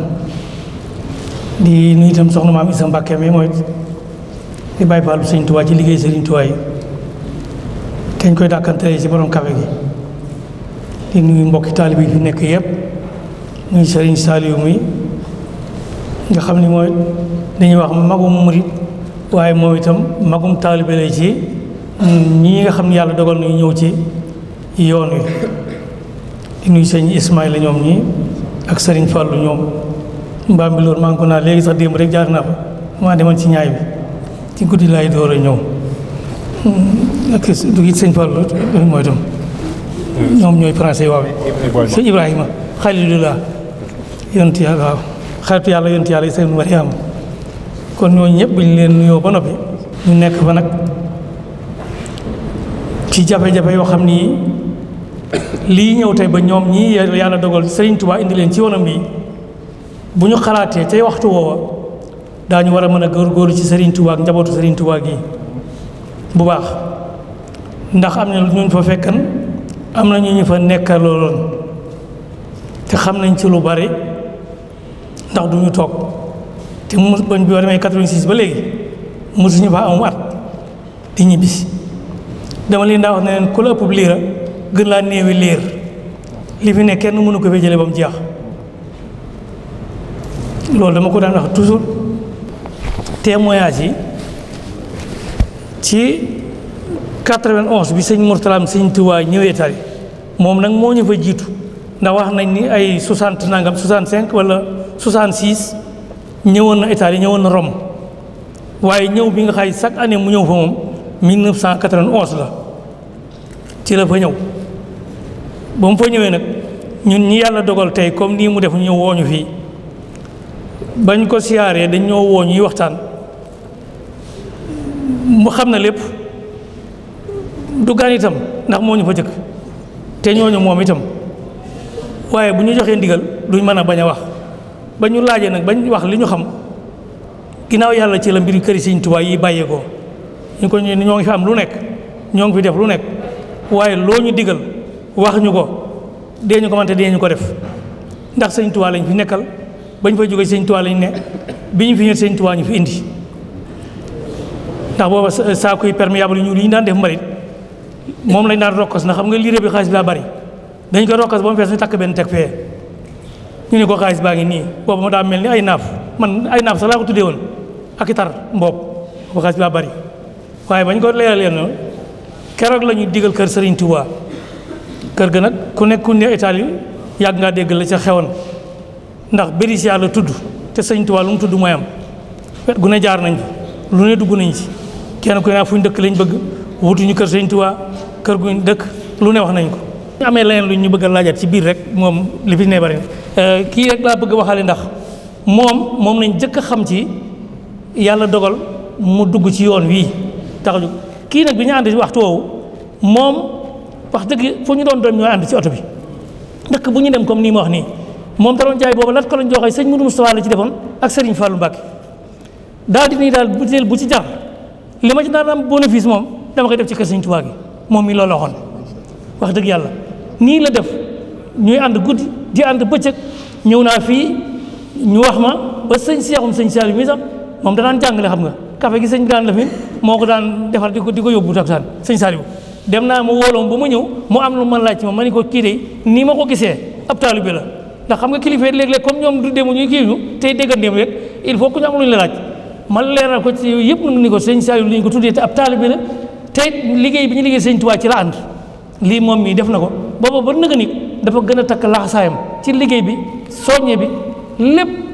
di nuyu itam soxna maam Isa Mbàkke mi mooy di bàyyi baalu sëñ Tuubaa ci liggéey sëriñ Tuubaa yi te ñu koy dàkkantalee ci borom kafe gi di nuyu mbokki taalibe yi fi nekk yëpp nuyu sëriñ Saliou mi nga xam ni mooy dañuy wax magum murit waaye moom itam magum taalibe lay ci ñi nga xam ni yàlla dogal na ñëw ci yoon wi di nuyu sëñ Ismaïla ñoom ak sëriñ Fàllu ñoom mbaam bi loolu maa ngi naa léegi sax démb rek jaar naa fa maa demoon ci ñaay bi ci guddi laay ñëw ak du it sëñ Fàllu mooy itam hmm. ñoom ñooy français Ibrahima xalilullah yonent yàlla xaritu yàlla yonent yàlla Isa ibnu Maryam kon ñooñu ñëpp buñ leen nuyoo ba noppi ñu nekk fa nag ci jafe-jafe yoo xam ni lii ñëw tey ba ñoom ñii yàlla dogal Serigne Touba indi leen ci yoonam bi bu ñu xalaatee tey waxtu woowa daañu war a mën a góorgóorlu ci sëriñ Touba njabootu Serigne Touba gi bu baax ndax am na ñu fa fekkan am na ñu ñu fa nekkalooloon te xam nañ ci lu bari. ndax du ñu toog te mu bañ bi war demee 86 ba léegi mosuñu fa am at di ñibbisi dama leen daa wax ne leen ku liira gën laa néewi liir li fi ne kenn mënu ko fee jëlee ba mu jeex loolu dama ko daan wax toujours témoignage yi ci 91 bi sëñ Mourtalaam sëñ Tuubaa ñëwee tari moom nag moo ñu jiitu ndax wax nañ ni ay 60 nangam 65 wala. 66 ñëwoon na Italie ñëwoon na Rome waaye ñëw bi nga xay chaque année mu ñëw fa moom 1991 la ci la fa ñëw ba mu fa ñëwee nag ñun ñi yàlla dogal tey comme nii mu def ñu wooñu fii bañ ko siyaaree dañ ñoo woo ñuy waxtaan mu xam na lépp du gaan itam ndax moo ñu fa jëkk te ñooñu moom itam waaye bu ñu joxee ndigal duñ mën a bañ a wax ba ñu laajee nag bañ wax li ñu xam ginnaaw yàlla ci la mbir këri Sëñ Tuubaa yi bàyyeekoo ñu ko ñu ñoo ngi fi am lu nekk ñoo ngi fi def lu nekk waaye loo ñu digal wax ñu ko dee ñu ko mante dee ñu ko def ndax Sëñ Tuubaa lañ fi nekkal bañ fa jógee Sëñ Tuubaa lañ ne bi ñu fi ñëw Sëñ Tuubaa ñu fi indi ndax booba saako yi perméable ñu li ñu daan def mbari moom lañ daan rokkas ndax xam nga liiré bi xaalis bi daa bari dañ ko rokkas ba mu fees ñu benn teg fee ñu ko xaalis baa ngi nii boobu ma daa mel ni ay naaf man ay naaf sax laa ko tuddee woon ak i tar mboob boobu bari waaye bañ ko leeralee noonu keroog la digal kër Serigne Touba kër ga nag ku nekk ku ne Italie yàgg ngaa dégg la ca xewoon ndax Bérésia la tudd te Serigne Touba lu mu tudd mooy am wet gu ne jaar nañ fa lu ne dugg nañ ci kenn ku ne fu ñu dëkk lañ bëgg wutuñu kër Serigne Touba kër gu dëkk lu ne wax nañ ko. amee leneen lu ñu bëgg a ci biir rek moom li fi ne bari Euh, kii rek laa bëgg waxale ndax moom moom lañ jëkk a xam ci yàlla dogal mu dugg ci yoon wii tax ñu kii nag bi ñu ànd ci moom wax dëgg fu ñu doon doon ñoo ànd ci oto bi dëkk bu ñu dem comme nii ma wax nii moom da doon jaay boobu lat ko lañ joxee sëñ Moudou Moustapha la ci defoon ak Serigne Fallou Mbacke daal di nii daal bu bu ci jar li ma ci daan bénéfice moom dama koy def ci kër Sëñ moom mi loolu waxoon wax dëgg yàlla nii la def ñuy ànd guddi di ànd bëccëg ñëw naa fii ñu wax ma ba sëñ seexum sëñ Saliou mi sax moom danaan jàngale xam nga café gi sëñ bi daan lafin moo ko daan defar di ko di ko yóbbu taksaan sëñ Saliou dem naa mu wooloom ba ma ñëw mu am lu ma laaj ci ma ma ni ko kii de nii ma ko gisee ab taalibe la ndax xam nga kilifa léeg-léeg comme ñoom du demu ñuy kii ñu tey déggandéem rek il faut que ñu am lu ñu la laaj man leeral ko ci yëpp ni ko sëñ Saliou li ñu ko tuddee te ab taalibe la tey liggéey bi ñu liggéey sëñ ci la ànd lii moom mii def na ko dafa gën a takk laxasaayam ci liggéey bi soññe bi lépp